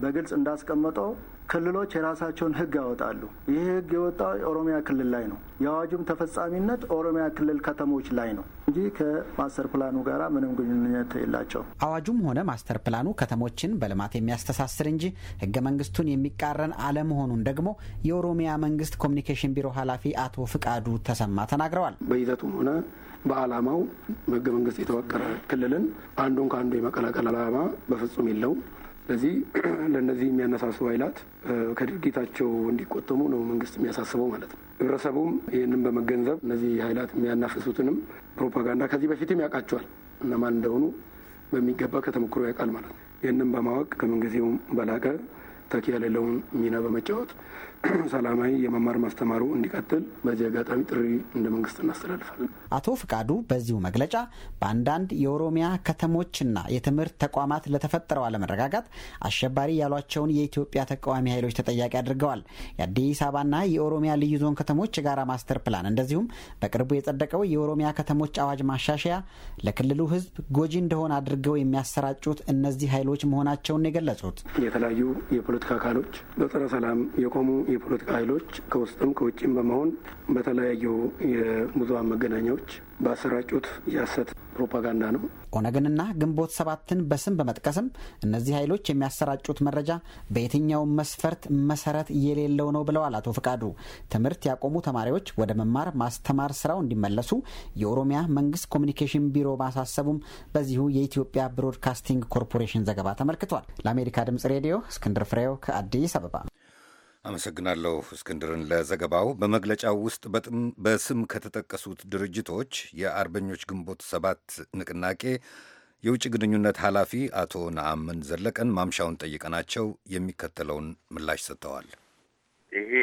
በግልጽ እንዳስቀመጠው ክልሎች የራሳቸውን ህግ ያወጣሉ። ይህ ህግ የወጣው ኦሮሚያ ክልል ላይ ነው። የአዋጁም ተፈጻሚነት ኦሮሚያ ክልል ከተሞች ላይ ነው እንጂ ከማስተር ፕላኑ ጋር ምንም ግንኙነት የላቸው። አዋጁም ሆነ ማስተር ፕላኑ ከተሞችን በልማት የሚያስተሳስር እንጂ ህገ መንግስቱን የሚቃረን አለመሆኑን ደግሞ የኦሮሚያ መንግስት ኮሚኒኬሽን ቢሮ ኃላፊ አቶ ፍቃዱ ተሰማ ተናግረዋል። በይዘቱም ሆነ በአላማው በህገ መንግስት የተወቀረ ክልልን አንዱን ከአንዱ የመቀላቀል አላማ በፍጹም የለውም። ስለዚህ ለእነዚህ የሚያነሳሱ ኃይላት ከድርጊታቸው እንዲቆጠሙ ነው መንግስት የሚያሳስበው ማለት ነው። ህብረተሰቡም ይህንን በመገንዘብ እነዚህ ኃይላት የሚያናፍሱትንም ፕሮፓጋንዳ ከዚህ በፊትም ያውቃቸዋል እነማን እንደሆኑ በሚገባ ከተሞክሮ ያውቃል ማለት ነው። ይህንን በማወቅ ከምንጊዜውም በላቀ ተኪ የሌለውን ሚና በመጫወት ሰላማዊ የመማር ማስተማሩ እንዲቀጥል በዚህ አጋጣሚ ጥሪ እንደ መንግስት እናስተላልፋለን። አቶ ፍቃዱ በዚሁ መግለጫ በአንዳንድ የኦሮሚያ ከተሞችና የትምህርት ተቋማት ለተፈጠረው አለመረጋጋት አሸባሪ ያሏቸውን የኢትዮጵያ ተቃዋሚ ኃይሎች ተጠያቂ አድርገዋል። የአዲስ አበባና የኦሮሚያ ልዩ ዞን ከተሞች የጋራ ማስተር ፕላን እንደዚሁም በቅርቡ የጸደቀው የኦሮሚያ ከተሞች አዋጅ ማሻሻያ ለክልሉ ሕዝብ ጎጂ እንደሆነ አድርገው የሚያሰራጩት እነዚህ ኃይሎች መሆናቸውን የገለጹት የተለያዩ የፖለቲካ አካሎች በጸረ ሰላም የቆሙ የፖለቲካ ኃይሎች ከውስጥም ከውጭም በመሆን በተለያዩ የብዙሀን መገናኛዎች ባሰራጩት የሐሰት ፕሮፓጋንዳ ነው። ኦነግንና ግንቦት ሰባትን በስም በመጥቀስም እነዚህ ኃይሎች የሚያሰራጩት መረጃ በየትኛውም መስፈርት መሰረት የሌለው ነው ብለዋል አቶ ፍቃዱ። ትምህርት ያቆሙ ተማሪዎች ወደ መማር ማስተማር ስራው እንዲመለሱ የኦሮሚያ መንግስት ኮሚኒኬሽን ቢሮ ማሳሰቡም በዚሁ የኢትዮጵያ ብሮድካስቲንግ ኮርፖሬሽን ዘገባ ተመልክቷል። ለአሜሪካ ድምጽ ሬዲዮ እስክንድር ፍሬው ከአዲስ አበባ አመሰግናለሁ እስክንድርን ለዘገባው። በመግለጫው ውስጥ በስም ከተጠቀሱት ድርጅቶች የአርበኞች ግንቦት ሰባት ንቅናቄ የውጭ ግንኙነት ኃላፊ አቶ ነአምን ዘለቀን ማምሻውን ጠይቀናቸው የሚከተለውን ምላሽ ሰጥተዋል። ይሄ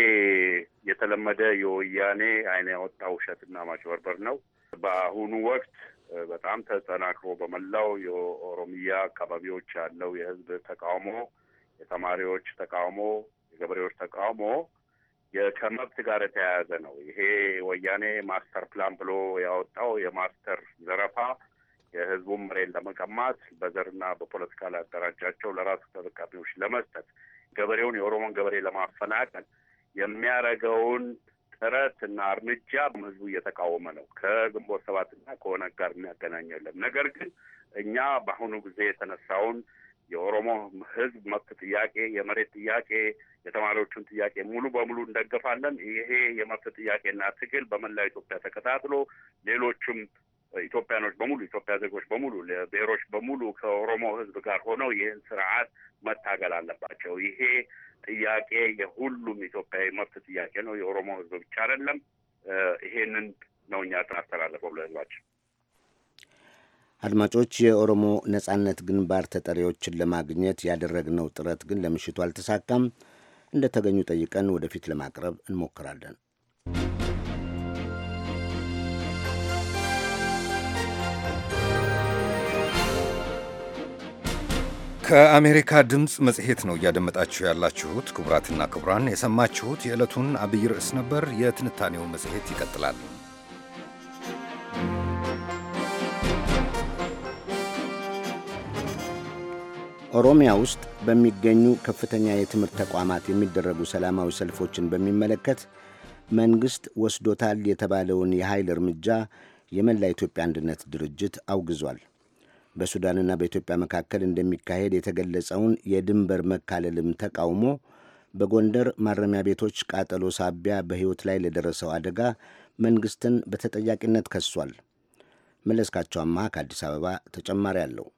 የተለመደ የወያኔ አይነ ያወጣ ውሸትና ማጭበርበር ነው። በአሁኑ ወቅት በጣም ተጠናክሮ በመላው የኦሮሚያ አካባቢዎች ያለው የህዝብ ተቃውሞ፣ የተማሪዎች ተቃውሞ የገበሬዎች ተቃውሞ ከመብት ጋር የተያያዘ ነው። ይሄ ወያኔ ማስተር ፕላን ብሎ ያወጣው የማስተር ዘረፋ የህዝቡን መሬት ለመቀማት በዘርና በፖለቲካ ላይ ያደራጃቸው ለራሱ ተጠቃሚዎች ለመስጠት ገበሬውን የኦሮሞን ገበሬ ለማፈናቀል የሚያደርገውን ጥረት እና እርምጃ ህዝቡ እየተቃወመ ነው። ከግንቦት ሰባትና ከሆነ ጋር የሚያገናኘለን ነገር ግን እኛ በአሁኑ ጊዜ የተነሳውን የኦሮሞ ህዝብ መብት ጥያቄ፣ የመሬት ጥያቄ፣ የተማሪዎቹን ጥያቄ ሙሉ በሙሉ እንደገፋለን። ይሄ የመብት ጥያቄና ትግል በመላ ኢትዮጵያ ተከታትሎ ሌሎችም ኢትዮጵያኖች በሙሉ ኢትዮጵያ ዜጎች በሙሉ ብሔሮች በሙሉ ከኦሮሞ ህዝብ ጋር ሆነው ይህን ስርዓት መታገል አለባቸው። ይሄ ጥያቄ የሁሉም ኢትዮጵያዊ መብት ጥያቄ ነው። የኦሮሞ ህዝብ ብቻ አይደለም። ይሄንን ነው እኛ ያስተላለፈው ለህዝባችን። አድማጮች፣ የኦሮሞ ነጻነት ግንባር ተጠሪዎችን ለማግኘት ያደረግነው ጥረት ግን ለምሽቱ አልተሳካም። እንደተገኙ ጠይቀን ወደፊት ለማቅረብ እንሞክራለን። ከአሜሪካ ድምፅ መጽሔት ነው እያደመጣችሁ ያላችሁት። ክቡራትና ክቡራን፣ የሰማችሁት የዕለቱን አብይ ርዕስ ነበር። የትንታኔው መጽሔት ይቀጥላል። ኦሮሚያ ውስጥ በሚገኙ ከፍተኛ የትምህርት ተቋማት የሚደረጉ ሰላማዊ ሰልፎችን በሚመለከት መንግሥት ወስዶታል የተባለውን የኃይል እርምጃ የመላ ኢትዮጵያ አንድነት ድርጅት አውግዟል። በሱዳንና በኢትዮጵያ መካከል እንደሚካሄድ የተገለጸውን የድንበር መካለልም ተቃውሞ በጎንደር ማረሚያ ቤቶች ቃጠሎ ሳቢያ በሕይወት ላይ ለደረሰው አደጋ መንግሥትን በተጠያቂነት ከሷል። መለስካቸው አማሃ ከአዲስ አበባ ተጨማሪ አለው።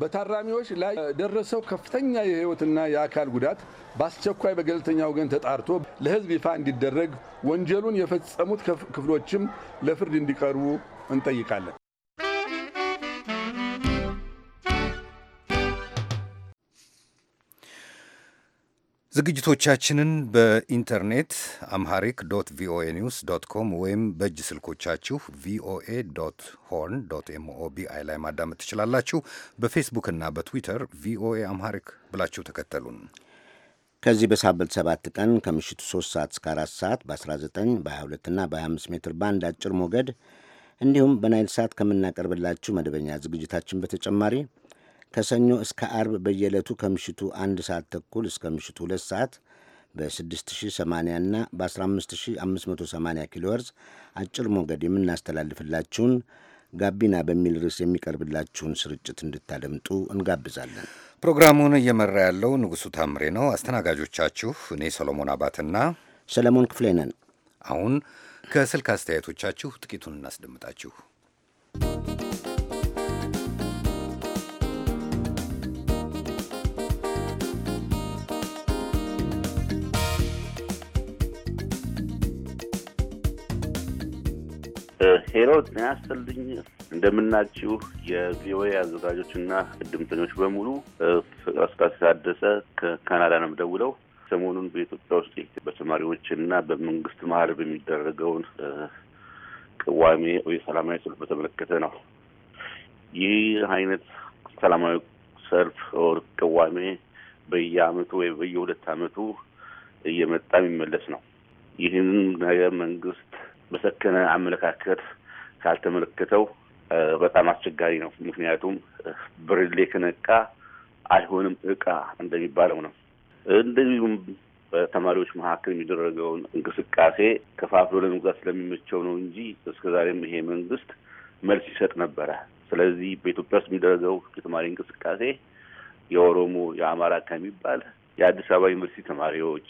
በታራሚዎች ላይ ደረሰው ከፍተኛ የህይወትና የአካል ጉዳት በአስቸኳይ በገለልተኛ ወገን ተጣርቶ ለህዝብ ይፋ እንዲደረግ፣ ወንጀሉን የፈጸሙት ክፍሎችም ለፍርድ እንዲቀርቡ እንጠይቃለን። ዝግጅቶቻችንን በኢንተርኔት አምሃሪክ ዶት ቪኦኤ ኒውስ ዶት ኮም ወይም በእጅ ስልኮቻችሁ ቪኦኤ ዶት ሆርን ዶት ኤምኦቢአይ ላይ ማዳመጥ ትችላላችሁ። በፌስቡክና በትዊተር ቪኦኤ አምሃሪክ ብላችሁ ተከተሉን። ከዚህ በሳምንት ሰባት ቀን ከምሽቱ 3 ሰዓት እስከ 4 ሰዓት በ19 በ22 እና በ25 ሜትር ባንድ አጭር ሞገድ እንዲሁም በናይል ሰዓት ከምናቀርብላችሁ መደበኛ ዝግጅታችን በተጨማሪ ከሰኞ እስከ አርብ በየዕለቱ ከምሽቱ አንድ ሰዓት ተኩል እስከ ምሽቱ ሁለት ሰዓት በ6080 እና በ15580 ኪሎ ሄርዝ አጭር ሞገድ የምናስተላልፍላችሁን ጋቢና በሚል ርዕስ የሚቀርብላችሁን ስርጭት እንድታደምጡ እንጋብዛለን። ፕሮግራሙን እየመራ ያለው ንጉሡ ታምሬ ነው። አስተናጋጆቻችሁ እኔ ሰሎሞን አባትና ሰለሞን ክፍሌ ነን። አሁን ከስልክ አስተያየቶቻችሁ ጥቂቱን እናስደምጣችሁ። ሄሎ ጤና እንደምናችው እንደምናችሁ የቪኦኤ አዘጋጆችና እድምተኞች በሙሉ ፍቅረስቃሴ ሲታደሰ ከካናዳ ነው ደውለው ሰሞኑን በኢትዮጵያ ውስጥ በተማሪዎችና በመንግስት መሀል በሚደረገውን ቅዋሜ ወይ ሰላማዊ ሰልፍ በተመለከተ ነው። ይህ አይነት ሰላማዊ ሰልፍ ወር ቅዋሜ በየአመቱ ወይ በየሁለት አመቱ እየመጣ የሚመለስ ነው። ይህንን ነገር መንግስት በሰከነ አመለካከት ካልተመለከተው በጣም አስቸጋሪ ነው። ምክንያቱም ብርሌ ከነቃ አይሆንም እቃ እንደሚባለው ነው። እንደዚሁም በተማሪዎች መካከል የሚደረገውን እንቅስቃሴ ከፋፍሎ ለመግዛት ስለሚመቸው ነው እንጂ እስከዛሬም ይሄ መንግስት መልስ ይሰጥ ነበረ። ስለዚህ በኢትዮጵያ ውስጥ የሚደረገው የተማሪ እንቅስቃሴ የኦሮሞ የአማራ ከሚባል የአዲስ አበባ ዩኒቨርሲቲ ተማሪዎች፣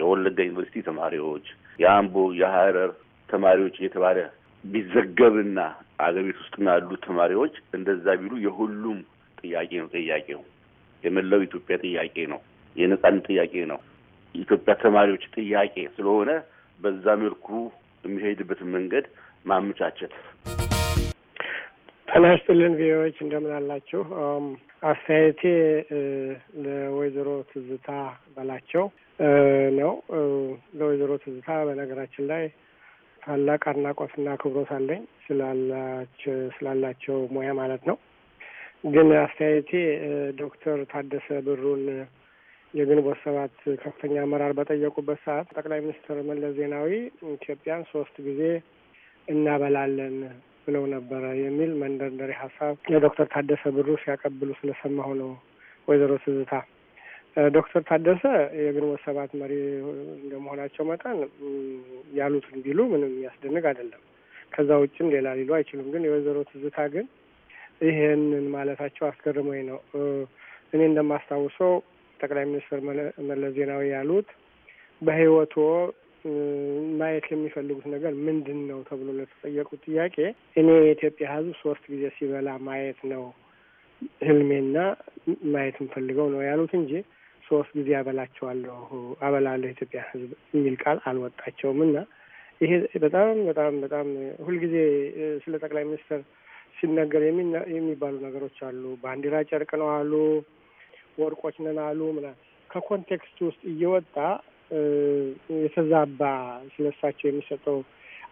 የወለጋ ዩኒቨርሲቲ ተማሪዎች፣ የአምቦ፣ የሀረር ተማሪዎች እየተባለ ቢዘገብና አገር ቤት ውስጥ ያሉ ተማሪዎች እንደዛ ቢሉ የሁሉም ጥያቄ ነው። ጥያቄው የመላው ኢትዮጵያ ጥያቄ ነው። የነጻነት ጥያቄ ነው። የኢትዮጵያ ተማሪዎች ጥያቄ ስለሆነ በዛ መልኩ የሚሄድበትን መንገድ ማመቻቸት። ጤና ይስጥልን ቪዎች እንደምን አላችሁ? አስተያየቴ ለወይዘሮ ትዝታ በላቸው ነው። ለወይዘሮ ትዝታ በነገራችን ላይ ታላቅ አድናቆትና አክብሮት አለኝ ስላላቸው ስላላቸው ሙያ ማለት ነው። ግን አስተያየቴ ዶክተር ታደሰ ብሩን የግንቦት ሰባት ከፍተኛ አመራር በጠየቁበት ሰዓት ጠቅላይ ሚኒስትር መለስ ዜናዊ ኢትዮጵያን ሶስት ጊዜ እናበላለን ብለው ነበረ የሚል መንደርደሪ ሀሳብ ለዶክተር ታደሰ ብሩ ሲያቀብሉ ስለሰማሁ ነው። ወይዘሮ ትዝታ ዶክተር ታደሰ የግንቦት ሰባት መሪ እንደመሆናቸው መጠን ያሉትን ቢሉ ምንም የሚያስደንቅ አይደለም። ከዛ ውጭም ሌላ ሊሉ አይችሉም። ግን የወይዘሮ ትዝታ ግን ይህንን ማለታቸው አስገርሞኝ ነው። እኔ እንደማስታውሰው ጠቅላይ ሚኒስትር መለስ ዜናዊ ያሉት በህይወቱ ማየት የሚፈልጉት ነገር ምንድን ነው ተብሎ ለተጠየቁት ጥያቄ እኔ የኢትዮጵያ ሕዝብ ሶስት ጊዜ ሲበላ ማየት ነው ህልሜና ማየት የምፈልገው ነው ያሉት እንጂ ሶስት ጊዜ አበላቸዋለሁ አበላለሁ ኢትዮጵያ ህዝብ የሚል ቃል አልወጣቸውም እና ይሄ በጣም በጣም በጣም ሁልጊዜ ስለ ጠቅላይ ሚኒስትር ሲነገር የሚባሉ ነገሮች አሉ። ባንዲራ ጨርቅ ነው አሉ፣ ወርቆች ነን አሉ ምናምን ከኮንቴክስት ውስጥ እየወጣ የተዛባ ስለሳቸው የሚሰጠው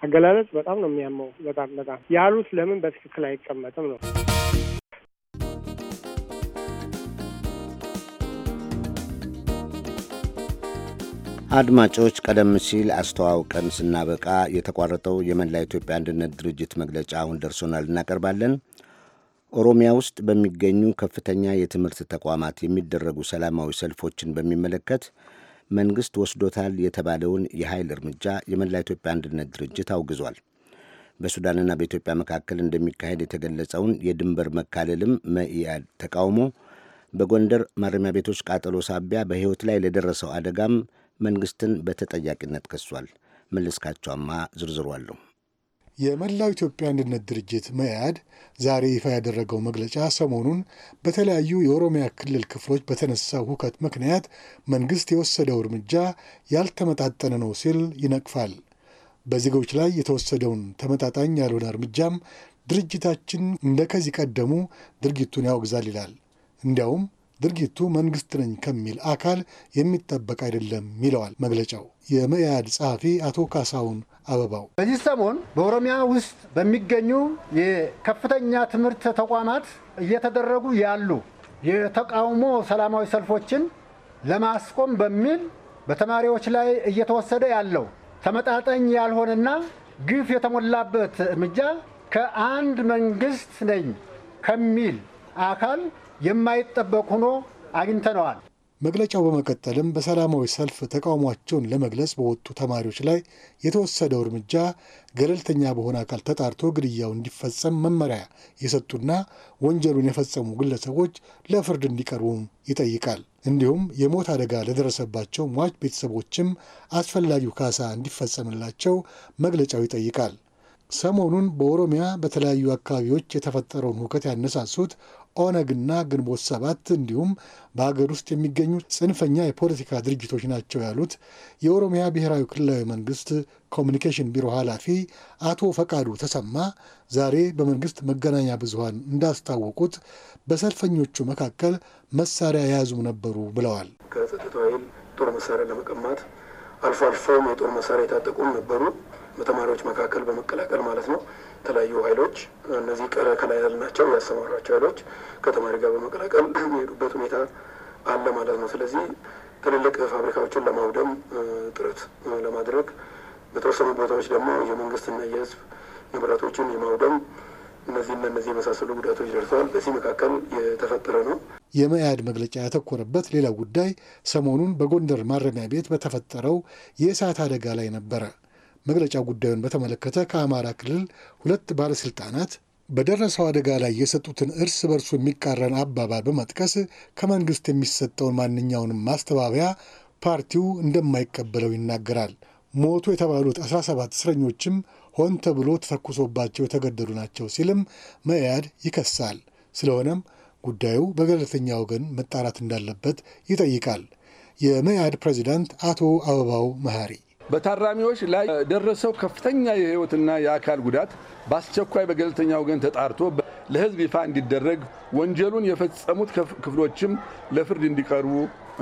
አገላለጽ በጣም ነው የሚያመው። በጣም በጣም ያሉት ለምን በትክክል አይቀመጥም ነው አድማጮች ቀደም ሲል አስተዋውቀን ስናበቃ የተቋረጠው የመላ ኢትዮጵያ አንድነት ድርጅት መግለጫ አሁን ደርሶናል፣ እናቀርባለን። ኦሮሚያ ውስጥ በሚገኙ ከፍተኛ የትምህርት ተቋማት የሚደረጉ ሰላማዊ ሰልፎችን በሚመለከት መንግሥት ወስዶታል የተባለውን የኃይል እርምጃ የመላ ኢትዮጵያ አንድነት ድርጅት አውግዟል። በሱዳንና በኢትዮጵያ መካከል እንደሚካሄድ የተገለጸውን የድንበር መካለልም መኢአድ ተቃውሞ፣ በጎንደር ማረሚያ ቤቶች ቃጠሎ ሳቢያ በሕይወት ላይ ለደረሰው አደጋም መንግስትን በተጠያቂነት ከሷል። መለስካቸውማ ዝርዝሩ አለሁ። የመላው ኢትዮጵያ አንድነት ድርጅት መያድ ዛሬ ይፋ ያደረገው መግለጫ ሰሞኑን በተለያዩ የኦሮሚያ ክልል ክፍሎች በተነሳው ሁከት ምክንያት መንግስት የወሰደው እርምጃ ያልተመጣጠነ ነው ሲል ይነቅፋል። በዜጎች ላይ የተወሰደውን ተመጣጣኝ ያልሆነ እርምጃም ድርጅታችን እንደ ከዚህ ቀደሙ ድርጊቱን ያወግዛል ይላል። እንዲያውም ድርጊቱ መንግስት ነኝ ከሚል አካል የሚጠበቅ አይደለም ይለዋል መግለጫው። የመያድ ጸሐፊ አቶ ካሳሁን አበባው በዚህ ሰሞን በኦሮሚያ ውስጥ በሚገኙ የከፍተኛ ትምህርት ተቋማት እየተደረጉ ያሉ የተቃውሞ ሰላማዊ ሰልፎችን ለማስቆም በሚል በተማሪዎች ላይ እየተወሰደ ያለው ተመጣጣኝ ያልሆነና ግፍ የተሞላበት እርምጃ ከአንድ መንግስት ነኝ ከሚል አካል የማይጠበቅ ሆኖ አግኝተነዋል። መግለጫው በመቀጠልም በሰላማዊ ሰልፍ ተቃውሟቸውን ለመግለጽ በወጡ ተማሪዎች ላይ የተወሰደው እርምጃ ገለልተኛ በሆነ አካል ተጣርቶ ግድያው እንዲፈጸም መመሪያ የሰጡና ወንጀሉን የፈጸሙ ግለሰቦች ለፍርድ እንዲቀርቡም ይጠይቃል። እንዲሁም የሞት አደጋ ለደረሰባቸው ሟች ቤተሰቦችም አስፈላጊው ካሳ እንዲፈጸምላቸው መግለጫው ይጠይቃል። ሰሞኑን በኦሮሚያ በተለያዩ አካባቢዎች የተፈጠረውን ሁከት ያነሳሱት ኦነግና ግንቦት ሰባት እንዲሁም በሀገር ውስጥ የሚገኙ ጽንፈኛ የፖለቲካ ድርጅቶች ናቸው ያሉት የኦሮሚያ ብሔራዊ ክልላዊ መንግስት ኮሚኒኬሽን ቢሮ ኃላፊ አቶ ፈቃዱ ተሰማ ዛሬ በመንግስት መገናኛ ብዙሀን እንዳስታወቁት በሰልፈኞቹ መካከል መሳሪያ የያዙም ነበሩ ብለዋል። ከጸጥታ ኃይል ጦር መሳሪያ ለመቀማት አልፎ አልፎም የጦር መሳሪያ የታጠቁም ነበሩ። በተማሪዎች መካከል በመቀላቀል ማለት ነው። የተለያዩ ኃይሎች እነዚህ ቀረ ከላይ ያልናቸው ያሰማሯቸው ኃይሎች ከተማሪ ጋር በመቀላቀል የሚሄዱበት ሁኔታ አለ ማለት ነው። ስለዚህ ትልልቅ ፋብሪካዎችን ለማውደም ጥረት ለማድረግ በተወሰኑ ቦታዎች ደግሞ የመንግስትና የህዝብ ንብረቶችን የማውደም እነዚህና እነዚህ የመሳሰሉ ጉዳቶች ደርሰዋል። በዚህ መካከል የተፈጠረ ነው። የመኢአድ መግለጫ ያተኮረበት ሌላው ጉዳይ ሰሞኑን በጎንደር ማረሚያ ቤት በተፈጠረው የእሳት አደጋ ላይ ነበረ። መግለጫ ጉዳዩን በተመለከተ ከአማራ ክልል ሁለት ባለስልጣናት በደረሰው አደጋ ላይ የሰጡትን እርስ በርሱ የሚቃረን አባባል በመጥቀስ ከመንግስት የሚሰጠውን ማንኛውንም ማስተባበያ ፓርቲው እንደማይቀበለው ይናገራል። ሞቱ የተባሉት 17 እስረኞችም ሆን ተብሎ ተተኩሶባቸው የተገደሉ ናቸው ሲልም መያድ ይከሳል። ስለሆነም ጉዳዩ በገለልተኛ ወገን መጣራት እንዳለበት ይጠይቃል። የመያድ ፕሬዚዳንት አቶ አበባው መሐሪ በታራሚዎች ላይ ደረሰው ከፍተኛ የህይወትና የአካል ጉዳት በአስቸኳይ በገለልተኛ ወገን ተጣርቶ ለህዝብ ይፋ እንዲደረግ፣ ወንጀሉን የፈጸሙት ክፍሎችም ለፍርድ እንዲቀርቡ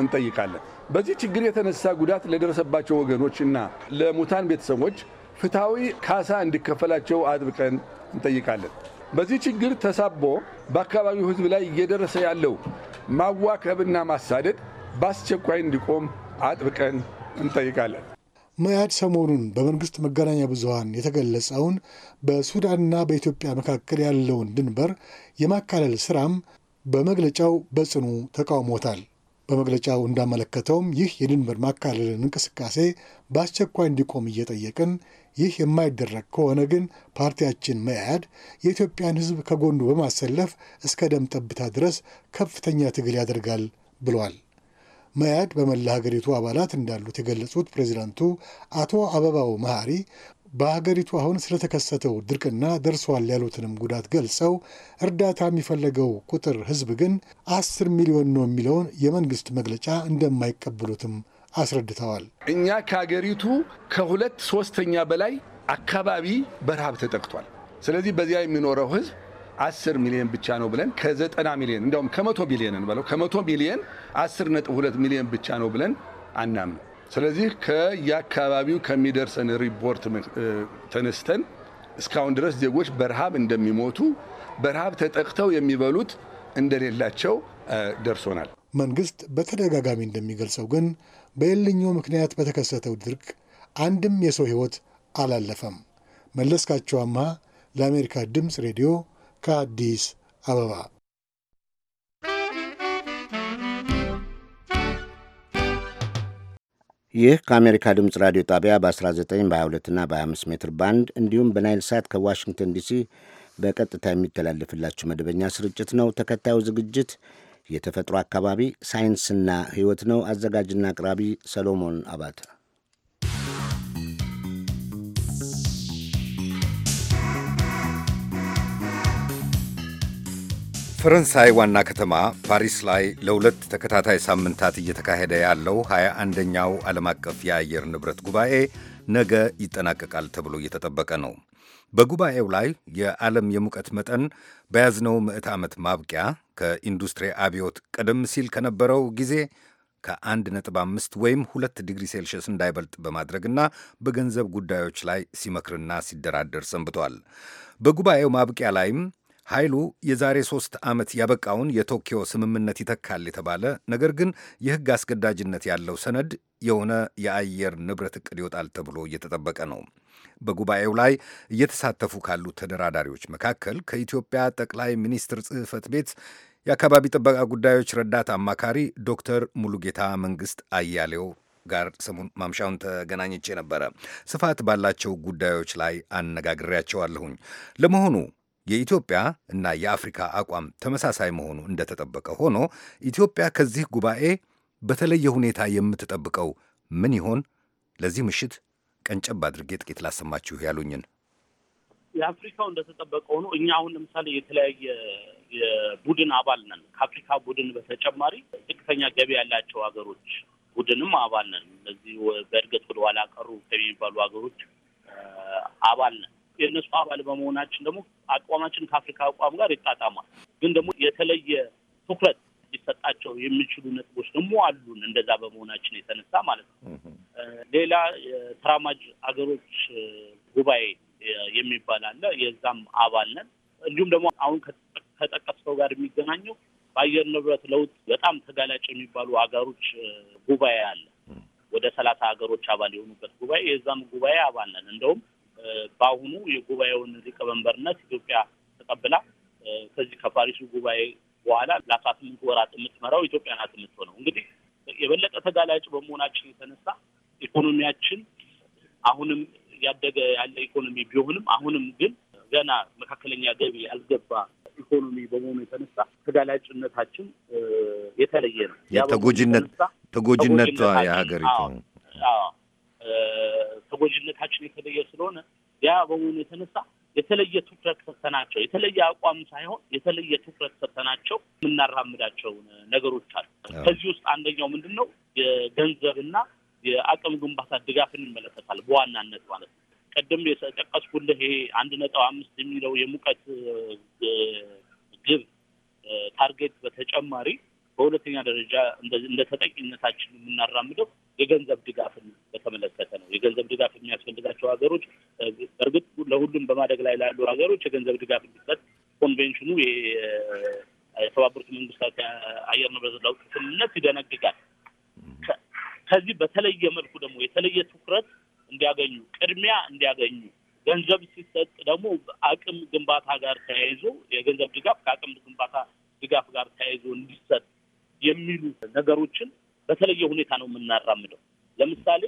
እንጠይቃለን። በዚህ ችግር የተነሳ ጉዳት ለደረሰባቸው ወገኖች እና ለሙታን ቤተሰቦች ፍትሐዊ ካሳ እንዲከፈላቸው አጥብቀን እንጠይቃለን። በዚህ ችግር ተሳቦ በአካባቢው ህዝብ ላይ እየደረሰ ያለው ማዋከብና ማሳደድ በአስቸኳይ እንዲቆም አጥብቀን እንጠይቃለን። መያድ ሰሞኑን በመንግስት መገናኛ ብዙሀን የተገለጸውን በሱዳንና በኢትዮጵያ መካከል ያለውን ድንበር የማካለል ስራም በመግለጫው በጽኑ ተቃውሞታል። በመግለጫው እንዳመለከተውም ይህ የድንበር ማካለልን እንቅስቃሴ በአስቸኳይ እንዲቆም እየጠየቅን፣ ይህ የማይደረግ ከሆነ ግን ፓርቲያችን መያድ የኢትዮጵያን ሕዝብ ከጎኑ በማሰለፍ እስከ ደም ጠብታ ድረስ ከፍተኛ ትግል ያደርጋል ብሏል። መያድ በመላ ሀገሪቱ አባላት እንዳሉት የገለጹት ፕሬዚዳንቱ አቶ አበባው መሐሪ በሀገሪቱ አሁን ስለተከሰተው ድርቅና ደርሷል ያሉትንም ጉዳት ገልጸው እርዳታ የሚፈለገው ቁጥር ህዝብ ግን አስር ሚሊዮን ነው የሚለውን የመንግስት መግለጫ እንደማይቀበሉትም አስረድተዋል። እኛ ከሀገሪቱ ከሁለት ሶስተኛ በላይ አካባቢ በረሃብ ተጠቅቷል። ስለዚህ በዚያ የሚኖረው ህዝብ። 10 ሚሊዮን ብቻ ነው ብለን ከ90 ሚሊዮን እንዲያውም ከ100 ቢሊዮን እንበለው ከመቶ ቢሊዮን 10 ነጥብ 2 ሚሊዮን ብቻ ነው ብለን አናምን። ስለዚህ ከየአካባቢው ከሚደርሰን ሪፖርት ተነስተን እስካሁን ድረስ ዜጎች በረሃብ እንደሚሞቱ በረሃብ ተጠቅተው የሚበሉት እንደሌላቸው ደርሶናል። መንግስት በተደጋጋሚ እንደሚገልጸው ግን በኤልኞ ምክንያት በተከሰተው ድርቅ አንድም የሰው ሕይወት አላለፈም። መለስካቸው አምሃ ለአሜሪካ ድምፅ ሬዲዮ ከአዲስ አበባ ይህ ከአሜሪካ ድምፅ ራዲዮ ጣቢያ በ19 22 በ25 ሜትር ባንድ እንዲሁም በናይል ሳት ከዋሽንግተን ዲሲ በቀጥታ የሚተላለፍላችሁ መደበኛ ስርጭት ነው። ተከታዩ ዝግጅት የተፈጥሮ አካባቢ ሳይንስና ሕይወት ነው። አዘጋጅና አቅራቢ ሰሎሞን አባተ ፈረንሳይ ዋና ከተማ ፓሪስ ላይ ለሁለት ተከታታይ ሳምንታት እየተካሄደ ያለው 21ኛው ዓለም አቀፍ የአየር ንብረት ጉባኤ ነገ ይጠናቀቃል ተብሎ እየተጠበቀ ነው። በጉባኤው ላይ የዓለም የሙቀት መጠን በያዝነው ምዕት ዓመት ማብቂያ ከኢንዱስትሪ አብዮት ቀደም ሲል ከነበረው ጊዜ ከ1.5 ወይም 2 ዲግሪ ሴልሽየስ እንዳይበልጥ በማድረግና በገንዘብ ጉዳዮች ላይ ሲመክርና ሲደራደር ሰንብቷል። በጉባኤው ማብቂያ ላይም ኃይሉ የዛሬ ሦስት ዓመት ያበቃውን የቶኪዮ ስምምነት ይተካል የተባለ ነገር ግን የሕግ አስገዳጅነት ያለው ሰነድ የሆነ የአየር ንብረት ዕቅድ ይወጣል ተብሎ እየተጠበቀ ነው። በጉባኤው ላይ እየተሳተፉ ካሉት ተደራዳሪዎች መካከል ከኢትዮጵያ ጠቅላይ ሚኒስትር ጽሕፈት ቤት የአካባቢ ጥበቃ ጉዳዮች ረዳት አማካሪ ዶክተር ሙሉጌታ መንግስት አያሌው ጋር ሰሞን ማምሻውን ተገናኝቼ ነበረ። ስፋት ባላቸው ጉዳዮች ላይ አነጋግሬያቸዋለሁኝ። ለመሆኑ የኢትዮጵያ እና የአፍሪካ አቋም ተመሳሳይ መሆኑ እንደተጠበቀ ሆኖ ኢትዮጵያ ከዚህ ጉባኤ በተለየ ሁኔታ የምትጠብቀው ምን ይሆን? ለዚህ ምሽት ቀንጨብ አድርጌ ጥቂት ላሰማችሁ ያሉኝን። የአፍሪካው እንደተጠበቀ ሆኖ እኛ አሁን ለምሳሌ የተለያየ የቡድን አባል ነን። ከአፍሪካ ቡድን በተጨማሪ ዝቅተኛ ገቢ ያላቸው ሀገሮች ቡድንም አባል ነን። እነዚህ በእድገት ወደኋላ ቀሩ ከሚባሉ ሀገሮች አባል ነን። የእነሱ አባል በመሆናችን ደግሞ አቋማችን ከአፍሪካ አቋም ጋር ይጣጣማል። ግን ደግሞ የተለየ ትኩረት ሊሰጣቸው የሚችሉ ነጥቦች ደግሞ አሉን። እንደዛ በመሆናችን የተነሳ ማለት ነው። ሌላ የተራማጅ አገሮች ጉባኤ የሚባል አለ። የዛም አባል ነን። እንዲሁም ደግሞ አሁን ከጠቀስከው ጋር የሚገናኘው በአየር ንብረት ለውጥ በጣም ተጋላጭ የሚባሉ አገሮች ጉባኤ አለ። ወደ ሰላሳ ሀገሮች አባል የሆኑበት ጉባኤ የዛም ጉባኤ አባል ነን። እንደውም በአሁኑ የጉባኤውን ሊቀመንበርነት ኢትዮጵያ ተቀብላ ከዚህ ከፓሪሱ ጉባኤ በኋላ ለአስራ ስምንት ወራት የምትመራው ኢትዮጵያ ናት የምትሆነው። እንግዲህ የበለጠ ተጋላጭ በመሆናችን የተነሳ ኢኮኖሚያችን አሁንም ያደገ ያለ ኢኮኖሚ ቢሆንም አሁንም ግን ገና መካከለኛ ገቢ ያልገባ ኢኮኖሚ በመሆኑ የተነሳ ተጋላጭነታችን የተለየ ነው። ተጎጂነት ተጎጂነት የሀገሪቱ ተጎጂነታችን የተለየ ስለሆነ ያ በመሆኑ የተነሳ የተለየ ትኩረት ሰጥተናቸው የተለየ አቋም ሳይሆን የተለየ ትኩረት ሰጥተናቸው የምናራምዳቸው ነገሮች አሉ። ከዚህ ውስጥ አንደኛው ምንድን ነው? የገንዘብና የአቅም ግንባታ ድጋፍን ይመለከታል በዋናነት ማለት ነው። ቅድም የጠቀስኩልህ ይሄ አንድ ነጥብ አምስት የሚለው የሙቀት ግብ ታርጌት በተጨማሪ በሁለተኛ ደረጃ እንደ ተጠቂነታችን የምናራምደው የገንዘብ ድጋፍን በተመለከተ ነው። የገንዘብ ድጋፍ የሚያስፈልጋቸው ሀገሮች እርግጥ ለሁሉም በማደግ ላይ ላሉ ሀገሮች የገንዘብ ድጋፍ እንዲሰጥ ኮንቬንሽኑ የተባበሩት መንግስታት አየር ንብረት ለውጥ ስምምነት ይደነግጋል። ከዚህ በተለየ መልኩ ደግሞ የተለየ ትኩረት እንዲያገኙ ቅድሚያ እንዲያገኙ ገንዘብ ሲሰጥ ደግሞ አቅም ግንባታ ጋር ተያይዞ የገንዘብ ድጋፍ ከአቅም ግንባታ ድጋፍ ጋር ተያይዞ እንዲሰጥ የሚሉ ነገሮችን በተለየ ሁኔታ ነው የምናራምደው። ለምሳሌ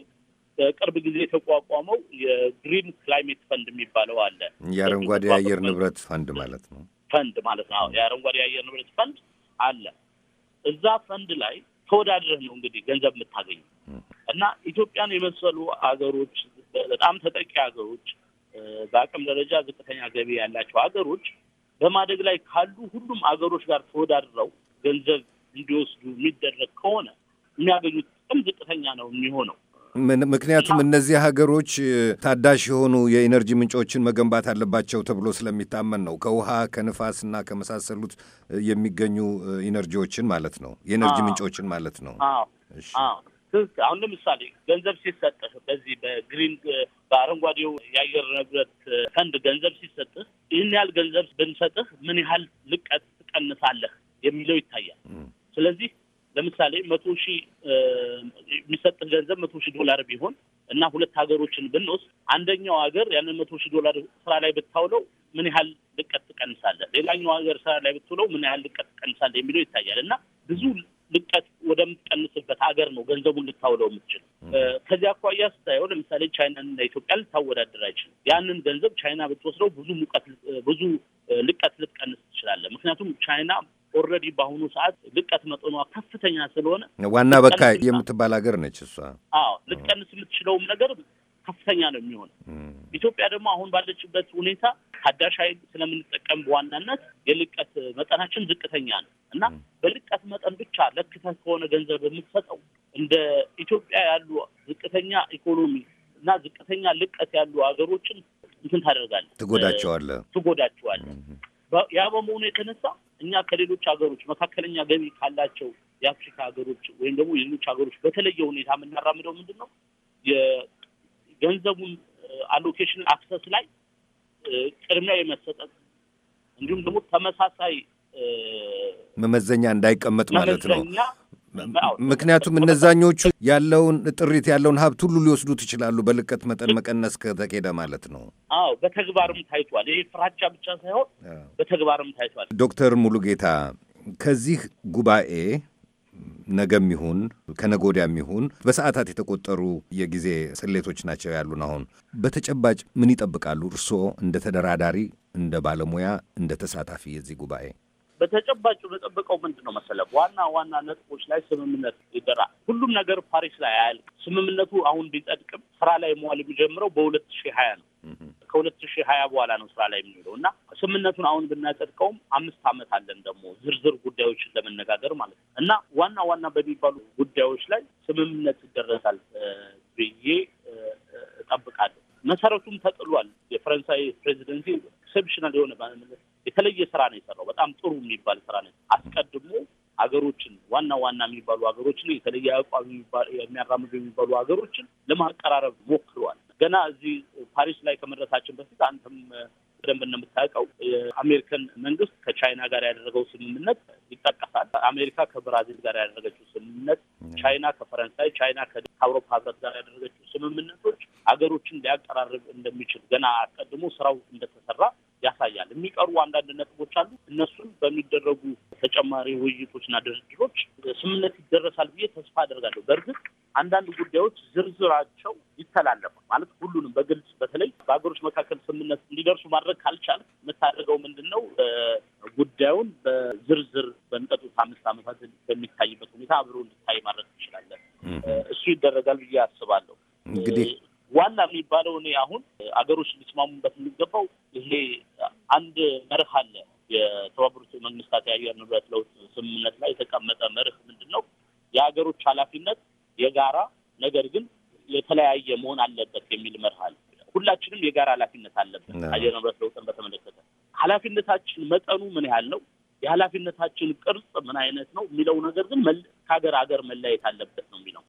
በቅርብ ጊዜ የተቋቋመው የግሪን ክላይሜት ፈንድ የሚባለው አለ። የአረንጓዴ የአየር ንብረት ፈንድ ማለት ነው ፈንድ ማለት ነው። የአረንጓዴ የአየር ንብረት ፈንድ አለ። እዛ ፈንድ ላይ ተወዳድረህ ነው እንግዲህ ገንዘብ የምታገኘው እና ኢትዮጵያን የመሰሉ አገሮች በጣም ተጠቂ ሀገሮች በአቅም ደረጃ ዝቅተኛ ገቢ ያላቸው ሀገሮች በማደግ ላይ ካሉ ሁሉም አገሮች ጋር ተወዳድረው ገንዘብ እንዲወስዱ የሚደረግ ከሆነ የሚያገኙት ጥቅም ዝቅተኛ ነው የሚሆነው። ምክንያቱም እነዚህ ሀገሮች ታዳሽ የሆኑ የኢነርጂ ምንጮችን መገንባት አለባቸው ተብሎ ስለሚታመን ነው። ከውሃ ከንፋስ እና ከመሳሰሉት የሚገኙ ኢነርጂዎችን ማለት ነው። የኢነርጂ ምንጮችን ማለት ነው። አሁን ለምሳሌ ገንዘብ ሲሰጥህ በዚህ በግሪን በአረንጓዴው የአየር ንብረት ፈንድ ገንዘብ ሲሰጥህ ይህን ያህል ገንዘብ ብንሰጥህ ምን ያህል ልቀት ትቀንሳለህ የሚለው ይታያል። ስለዚህ ለምሳሌ መቶ ሺህ የሚሰጥህ ገንዘብ መቶ ሺህ ዶላር ቢሆን እና ሁለት ሀገሮችን ብንወስድ አንደኛው ሀገር ያንን መቶ ሺህ ዶላር ስራ ላይ ብታውለው ምን ያህል ልቀት ትቀንሳለህ፣ ሌላኛው ሀገር ስራ ላይ ብትውለው ምን ያህል ልቀት ትቀንሳለህ የሚለው ይታያል እና ብዙ ልቀት ወደምትቀንስበት ሀገር ነው ገንዘቡን ልታውለው የምትችል። ከዚህ አኳያ ስታየው ለምሳሌ ቻይናና ኢትዮጵያ ልታወዳደር አይችልም። ያንን ገንዘብ ቻይና ብትወስደው ብዙ ሙቀት ብዙ ልቀት ልትቀንስ ትችላለህ። ምክንያቱም ቻይና ኦልሬዲ በአሁኑ ሰዓት ልቀት መጠኗ ከፍተኛ ስለሆነ ዋና በካይ የምትባል ሀገር ነች እሷ። አዎ ልቀንስ የምትችለውም ነገር ከፍተኛ ነው የሚሆነው። ኢትዮጵያ ደግሞ አሁን ባለችበት ሁኔታ ታዳሽ ኃይል ስለምንጠቀም በዋናነት የልቀት መጠናችን ዝቅተኛ ነው እና በልቀት መጠን ብቻ ለክተህ ከሆነ ገንዘብ የምትሰጠው እንደ ኢትዮጵያ ያሉ ዝቅተኛ ኢኮኖሚ እና ዝቅተኛ ልቀት ያሉ ሀገሮችን እንትን ታደርጋለህ፣ ትጎዳቸዋለህ ትጎዳቸዋለህ። ያ በመሆኑ የተነሳ እኛ ከሌሎች ሀገሮች መካከለኛ ገቢ ካላቸው የአፍሪካ ሀገሮች ወይም ደግሞ የሌሎች ሀገሮች በተለየ ሁኔታ የምናራምደው ምንድን ነው? የገንዘቡን አሎኬሽን አክሰስ ላይ ቅድሚያ የመሰጠት እንዲሁም ደግሞ ተመሳሳይ መመዘኛ እንዳይቀመጥ ማለት ነው። ምክንያቱም እነዛኞቹ ያለውን ጥሪት ያለውን ሀብት ሁሉ ሊወስዱት ይችላሉ፣ በልቀት መጠን መቀነስ ከተኬደ ማለት ነው። አዎ በተግባርም ታይቷል። ይህ ፍራቻ ብቻ ሳይሆን በተግባርም ታይቷል። ዶክተር ሙሉጌታ ከዚህ ጉባኤ ነገም ይሁን ከነገ ወዲያም ይሁን በሰዓታት የተቆጠሩ የጊዜ ስሌቶች ናቸው ያሉን። አሁን በተጨባጭ ምን ይጠብቃሉ እርስዎ እንደ ተደራዳሪ፣ እንደ ባለሙያ፣ እንደ ተሳታፊ የዚህ ጉባኤ? በተጨባጭ የምጠብቀው ምንድን ነው መሰለ ዋና ዋና ነጥቦች ላይ ስምምነት ይደራ። ሁሉም ነገር ፓሪስ ላይ አያልቅ። ስምምነቱ አሁን ቢጸድቅም ስራ ላይ መዋል የሚጀምረው በሁለት ሺህ ሀያ ነው። ከሁለት ሺህ ሀያ በኋላ ነው ስራ ላይ የሚውለው እና ስምምነቱን አሁን ብናጸድቀውም አምስት ዓመት አለን ደግሞ ዝርዝር ጉዳዮችን ለመነጋገር ማለት ነው እና ዋና ዋና በሚባሉ ጉዳዮች ላይ ስምምነት ይደረሳል ብዬ እጠብቃለሁ። መሰረቱም ተጥሏል። የፈረንሳይ ፕሬዚደንሲ ኤክሴፕሽናል የሆነ የተለየ ስራ ነው የሰራው። በጣም ጥሩ የሚባል ስራ ነው። አስቀድሞ ሀገሮችን ዋና ዋና የሚባሉ ሀገሮችን የተለየ አቋም የሚያራምዱ የሚባሉ ሀገሮችን ለማቀራረብ ሞክሯል። ገና እዚህ ፓሪስ ላይ ከመድረሳችን በፊት አንተም በደንብ እንደምታውቀው የአሜሪካን መንግስት ከቻይና ጋር ያደረገው ስምምነት ይጠቀሳል። አሜሪካ ከብራዚል ጋር ያደረገችው ስምምነት፣ ቻይና ከፈረንሳይ፣ ቻይና ከአውሮፓ ህብረት ጋር ያደረገችው ስምምነቶች ሀገሮችን ሊያቀራርብ እንደሚችል ገና አስቀድሞ ስራው እንደተሰራ ያሳያል። የሚቀሩ አንዳንድ ነጥቦች አሉ። እነሱን በሚደረጉ ተጨማሪ ውይይቶችና ድርድሮች ስምምነት ይደረሳል ብዬ ተስፋ አደርጋለሁ። በእርግጥ አንዳንድ ጉዳዮች ዝርዝራቸው ይተላለፋል ማለት ሁሉንም በግልጽ በተለይ በሀገሮች መካከል ስምምነት እንዲደርሱ ማድረግ ካልቻለ የምታደርገው ምንድን ነው? ጉዳዩን በዝርዝር በሚቀጥሉት አምስት ዓመታት በሚታይበት ሁኔታ አብሮ እንዲታይ ማድረግ ትችላለን። እሱ ይደረጋል ብዬ አስባለሁ። እንግዲህ ዋና የሚባለው እኔ አሁን አገሮች ሊስማሙበት የሚገባው ይሄ አንድ መርህ አለ። የተባበሩት መንግስታት የአየር ንብረት ለውጥ ስምምነት ላይ የተቀመጠ መርህ ምንድን ነው? የሀገሮች ኃላፊነት የጋራ ነገር ግን የተለያየ መሆን አለበት የሚል መርህ አለ። ሁላችንም የጋራ ኃላፊነት አለበት። አየር ንብረት ለውጥን በተመለከተ ኃላፊነታችን መጠኑ ምን ያህል ነው፣ የኃላፊነታችን ቅርጽ ምን አይነት ነው የሚለው ነገር ግን ከሀገር ሀገር መለያየት አለበት ነው የሚለው።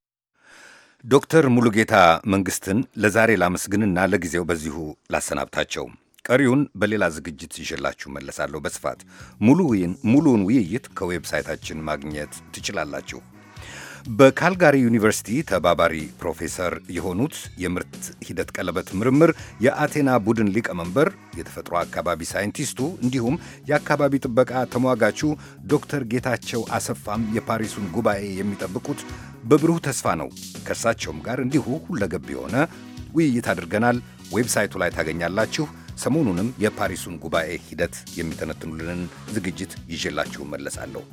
ዶክተር ሙሉጌታ መንግስትን ለዛሬ ላመስግንና ለጊዜው በዚሁ ላሰናብታቸው። ቀሪውን በሌላ ዝግጅት ይዤላችሁ መለሳለሁ በስፋት ሙሉውን ውይይት ከዌብሳይታችን ማግኘት ትችላላችሁ። በካልጋሪ ዩኒቨርሲቲ ተባባሪ ፕሮፌሰር የሆኑት የምርት ሂደት ቀለበት ምርምር የአቴና ቡድን ሊቀመንበር የተፈጥሮ አካባቢ ሳይንቲስቱ እንዲሁም የአካባቢ ጥበቃ ተሟጋቹ ዶክተር ጌታቸው አሰፋም የፓሪሱን ጉባኤ የሚጠብቁት በብሩህ ተስፋ ነው። ከእርሳቸውም ጋር እንዲሁ ሁለገብ የሆነ ውይይት አድርገናል። ዌብሳይቱ ላይ ታገኛላችሁ። ሰሞኑንም የፓሪሱን ጉባኤ ሂደት የሚተነትኑልንን ዝግጅት ይዤላችሁ መለሳለሁ።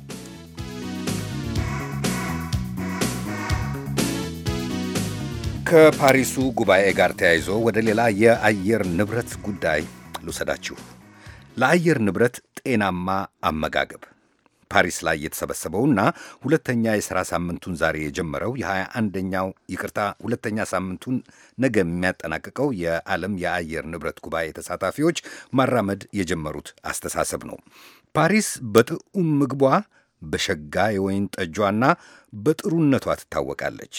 ከፓሪሱ ጉባኤ ጋር ተያይዞ ወደ ሌላ የአየር ንብረት ጉዳይ ልውሰዳችሁ። ለአየር ንብረት ጤናማ አመጋገብ ፓሪስ ላይ የተሰበሰበውና ሁለተኛ የሥራ ሳምንቱን ዛሬ የጀመረው የ 21 ይቅርታ ሁለተኛ ሳምንቱን ነገ የሚያጠናቅቀው የዓለም የአየር ንብረት ጉባኤ ተሳታፊዎች ማራመድ የጀመሩት አስተሳሰብ ነው። ፓሪስ በጥዑም ምግቧ፣ በሸጋ የወይን ጠጇና በጥሩነቷ ትታወቃለች።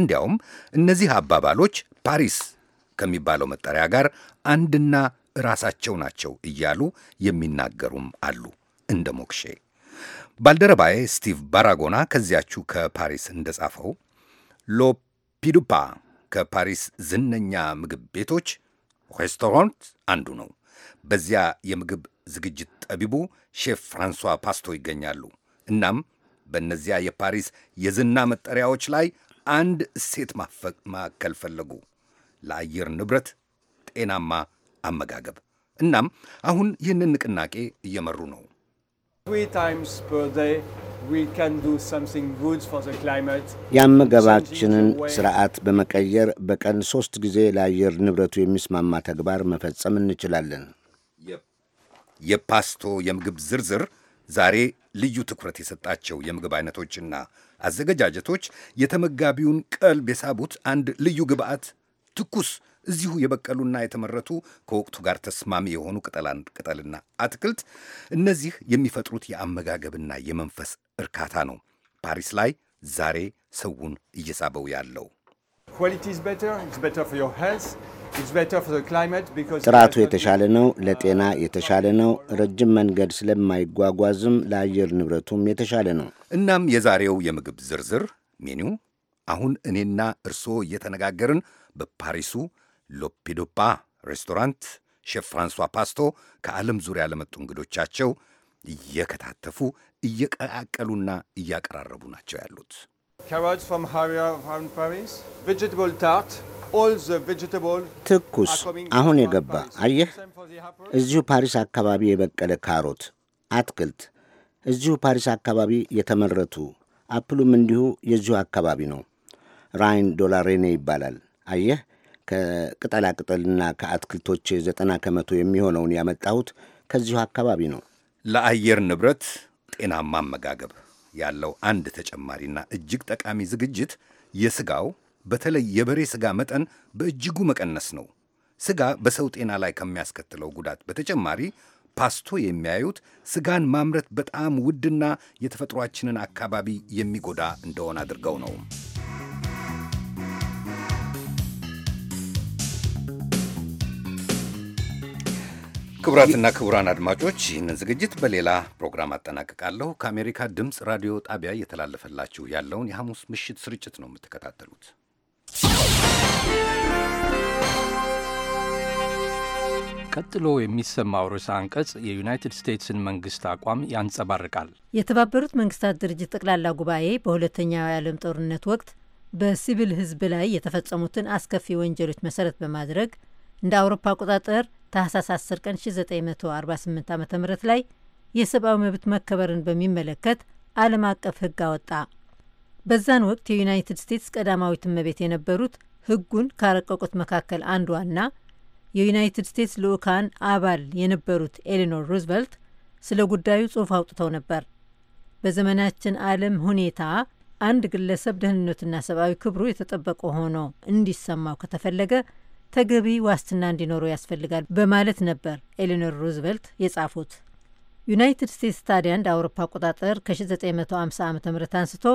እንዲያውም እነዚህ አባባሎች ፓሪስ ከሚባለው መጠሪያ ጋር አንድና ራሳቸው ናቸው እያሉ የሚናገሩም አሉ እንደ ሞክሼ ባልደረባዬ ስቲቭ ባራጎና ከዚያችሁ ከፓሪስ እንደጻፈው ሎፒዱፓ ከፓሪስ ዝነኛ ምግብ ቤቶች ሬስቶራንት አንዱ ነው። በዚያ የምግብ ዝግጅት ጠቢቡ ሼፍ ፍራንሷ ፓስቶ ይገኛሉ። እናም በእነዚያ የፓሪስ የዝና መጠሪያዎች ላይ አንድ እሴት ማዕከል ፈለጉ፣ ለአየር ንብረት ጤናማ አመጋገብ። እናም አሁን ይህንን ንቅናቄ እየመሩ ነው። የአመገባችንን ስርዓት በመቀየር በቀን ሶስት ጊዜ ለአየር ንብረቱ የሚስማማ ተግባር መፈጸም እንችላለን። የፓስቶ የምግብ ዝርዝር ዛሬ ልዩ ትኩረት የሰጣቸው የምግብ አይነቶችና አዘገጃጀቶች የተመጋቢውን ቀልብ የሳቡት አንድ ልዩ ግብዓት ትኩስ እዚሁ የበቀሉና የተመረቱ ከወቅቱ ጋር ተስማሚ የሆኑ ቅጠልና አትክልት እነዚህ የሚፈጥሩት የአመጋገብና የመንፈስ እርካታ ነው ፓሪስ ላይ ዛሬ ሰውን እየሳበው ያለው። ጥራቱ የተሻለ ነው፣ ለጤና የተሻለ ነው፣ ረጅም መንገድ ስለማይጓጓዝም ለአየር ንብረቱም የተሻለ ነው። እናም የዛሬው የምግብ ዝርዝር ሜኒው አሁን እኔና እርስዎ እየተነጋገርን በፓሪሱ ሎፒዶፓ ሬስቶራንት ሼፍ ፍራንሷ ፓስቶ ከዓለም ዙሪያ ለመጡ እንግዶቻቸው እየከታተፉ እየቀላቀሉና እያቀራረቡ ናቸው ያሉት። ትኩስ አሁን የገባ አየህ፣ እዚሁ ፓሪስ አካባቢ የበቀለ ካሮት አትክልት፣ እዚሁ ፓሪስ አካባቢ የተመረቱ አፕሉም እንዲሁ የዚሁ አካባቢ ነው። ራይን ዶላሬኔ ይባላል። አየህ ከቅጠላቅጠልና ከአትክልቶች ዘጠና ከመቶ የሚሆነውን ያመጣሁት ከዚሁ አካባቢ ነው። ለአየር ንብረት ጤናማ አመጋገብ ያለው አንድ ተጨማሪና እጅግ ጠቃሚ ዝግጅት የስጋው በተለይ የበሬ ስጋ መጠን በእጅጉ መቀነስ ነው። ስጋ በሰው ጤና ላይ ከሚያስከትለው ጉዳት በተጨማሪ ፓስቶ የሚያዩት ስጋን ማምረት በጣም ውድና የተፈጥሯችንን አካባቢ የሚጎዳ እንደሆነ አድርገው ነው። ክቡራትና ክቡራን አድማጮች ይህንን ዝግጅት በሌላ ፕሮግራም አጠናቅቃለሁ። ከአሜሪካ ድምፅ ራዲዮ ጣቢያ እየተላለፈላችሁ ያለውን የሐሙስ ምሽት ስርጭት ነው የምትከታተሉት። ቀጥሎ የሚሰማው ርዕሰ አንቀጽ የዩናይትድ ስቴትስን መንግስት አቋም ያንጸባርቃል። የተባበሩት መንግስታት ድርጅት ጠቅላላ ጉባኤ በሁለተኛው የዓለም ጦርነት ወቅት በሲቪል ህዝብ ላይ የተፈጸሙትን አስከፊ ወንጀሎች መሰረት በማድረግ እንደ አውሮፓ አቆጣጠር ታህሳስ 10 ቀን 1948 ዓ ም ላይ የሰብአዊ መብት መከበርን በሚመለከት ዓለም አቀፍ ሕግ አወጣ። በዛን ወቅት የዩናይትድ ስቴትስ ቀዳማዊት እመቤት የነበሩት ሕጉን ካረቀቁት መካከል አንዷና የዩናይትድ ስቴትስ ልዑካን አባል የነበሩት ኤሊኖር ሩዝቨልት ስለ ጉዳዩ ጽሑፍ አውጥተው ነበር። በዘመናችን ዓለም ሁኔታ አንድ ግለሰብ ደህንነቱና ሰብአዊ ክብሩ የተጠበቀ ሆኖ እንዲሰማው ከተፈለገ ተገቢ ዋስትና እንዲኖረው ያስፈልጋል በማለት ነበር ኤሊኖር ሩዝቨልት የጻፉት። ዩናይትድ ስቴትስ ታዲያ እንደ አውሮፓ አቆጣጠር ከ1950 ዓ ም አንስቶ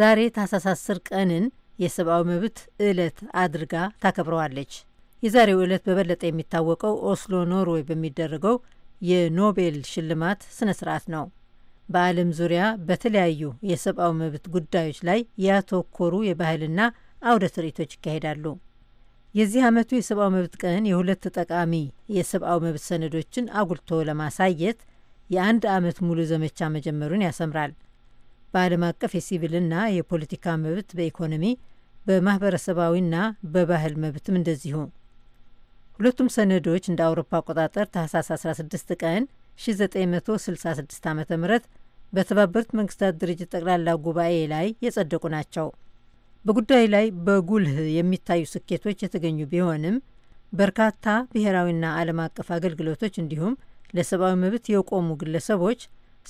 ዛሬ ታህሳስ 10 ቀንን የሰብአዊ መብት ዕለት አድርጋ ታከብረዋለች። የዛሬው ዕለት በበለጠ የሚታወቀው ኦስሎ ኖርዌይ በሚደረገው የኖቤል ሽልማት ስነ ስርዓት ነው። በዓለም ዙሪያ በተለያዩ የሰብአዊ መብት ጉዳዮች ላይ ያተኮሩ የባህልና አውደ ትርኢቶች ይካሄዳሉ። የዚህ ዓመቱ የሰብአዊ መብት ቀን የሁለት ጠቃሚ የሰብአዊ መብት ሰነዶችን አጉልቶ ለማሳየት የአንድ ዓመት ሙሉ ዘመቻ መጀመሩን ያሰምራል። በዓለም አቀፍ የሲቪልና የፖለቲካ መብት፣ በኢኮኖሚ በማኅበረሰባዊና በባህል መብትም እንደዚሁ። ሁለቱም ሰነዶች እንደ አውሮፓ አቆጣጠር ታህሳስ 16 ቀን 1966 ዓ ም በተባበሩት መንግስታት ድርጅት ጠቅላላ ጉባኤ ላይ የጸደቁ ናቸው። በጉዳዩ ላይ በጉልህ የሚታዩ ስኬቶች የተገኙ ቢሆንም በርካታ ብሔራዊና ዓለም አቀፍ አገልግሎቶች እንዲሁም ለሰብአዊ መብት የቆሙ ግለሰቦች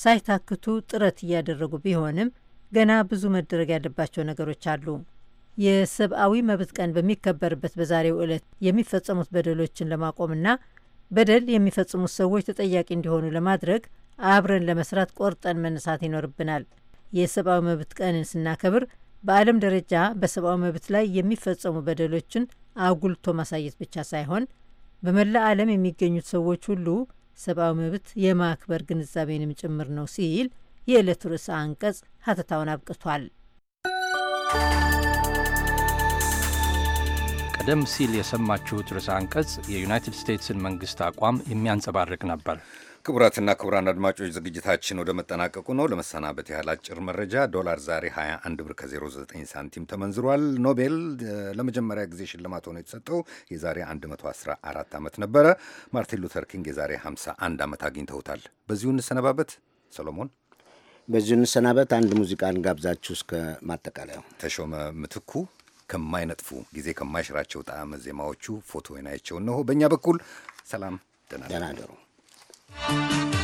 ሳይታክቱ ጥረት እያደረጉ ቢሆንም ገና ብዙ መደረግ ያለባቸው ነገሮች አሉ። የሰብአዊ መብት ቀን በሚከበርበት በዛሬው ዕለት የሚፈጸሙት በደሎችን ለማቆምና በደል የሚፈጽሙት ሰዎች ተጠያቂ እንዲሆኑ ለማድረግ አብረን ለመስራት ቆርጠን መነሳት ይኖርብናል። የሰብአዊ መብት ቀንን ስናከብር በዓለም ደረጃ በሰብአዊ መብት ላይ የሚፈጸሙ በደሎችን አጉልቶ ማሳየት ብቻ ሳይሆን በመላ ዓለም የሚገኙት ሰዎች ሁሉ ሰብአዊ መብት የማክበር ግንዛቤንም ጭምር ነው ሲል የዕለቱ ርዕሰ አንቀጽ ሀተታውን አብቅቷል። ቀደም ሲል የሰማችሁት ርዕሰ አንቀጽ የዩናይትድ ስቴትስን መንግስት አቋም የሚያንጸባርቅ ነበር። ክቡራትና ክቡራን አድማጮች ዝግጅታችን ወደ መጠናቀቁ ነው። ለመሰናበት ያህል አጭር መረጃ። ዶላር ዛሬ 21 ብር ከ09 ሳንቲም ተመንዝሯል። ኖቤል ለመጀመሪያ ጊዜ ሽልማት ሆኖ የተሰጠው የዛሬ 114 ዓመት ነበረ። ማርቲን ሉተር ኪንግ የዛሬ 51 ዓመት አግኝተውታል። በዚሁ እንሰነባበት ሰሎሞን፣ በዚሁ እንሰናበት። አንድ ሙዚቃን ጋብዛችሁ እስከ ማጠቃለያው ተሾመ ምትኩ ከማይነጥፉ ጊዜ ከማይሽራቸው ጣዕመ ዜማዎቹ ፎቶ ናያቸው እነሆ። በእኛ በኩል ሰላም፣ ደህና ደሩ። Música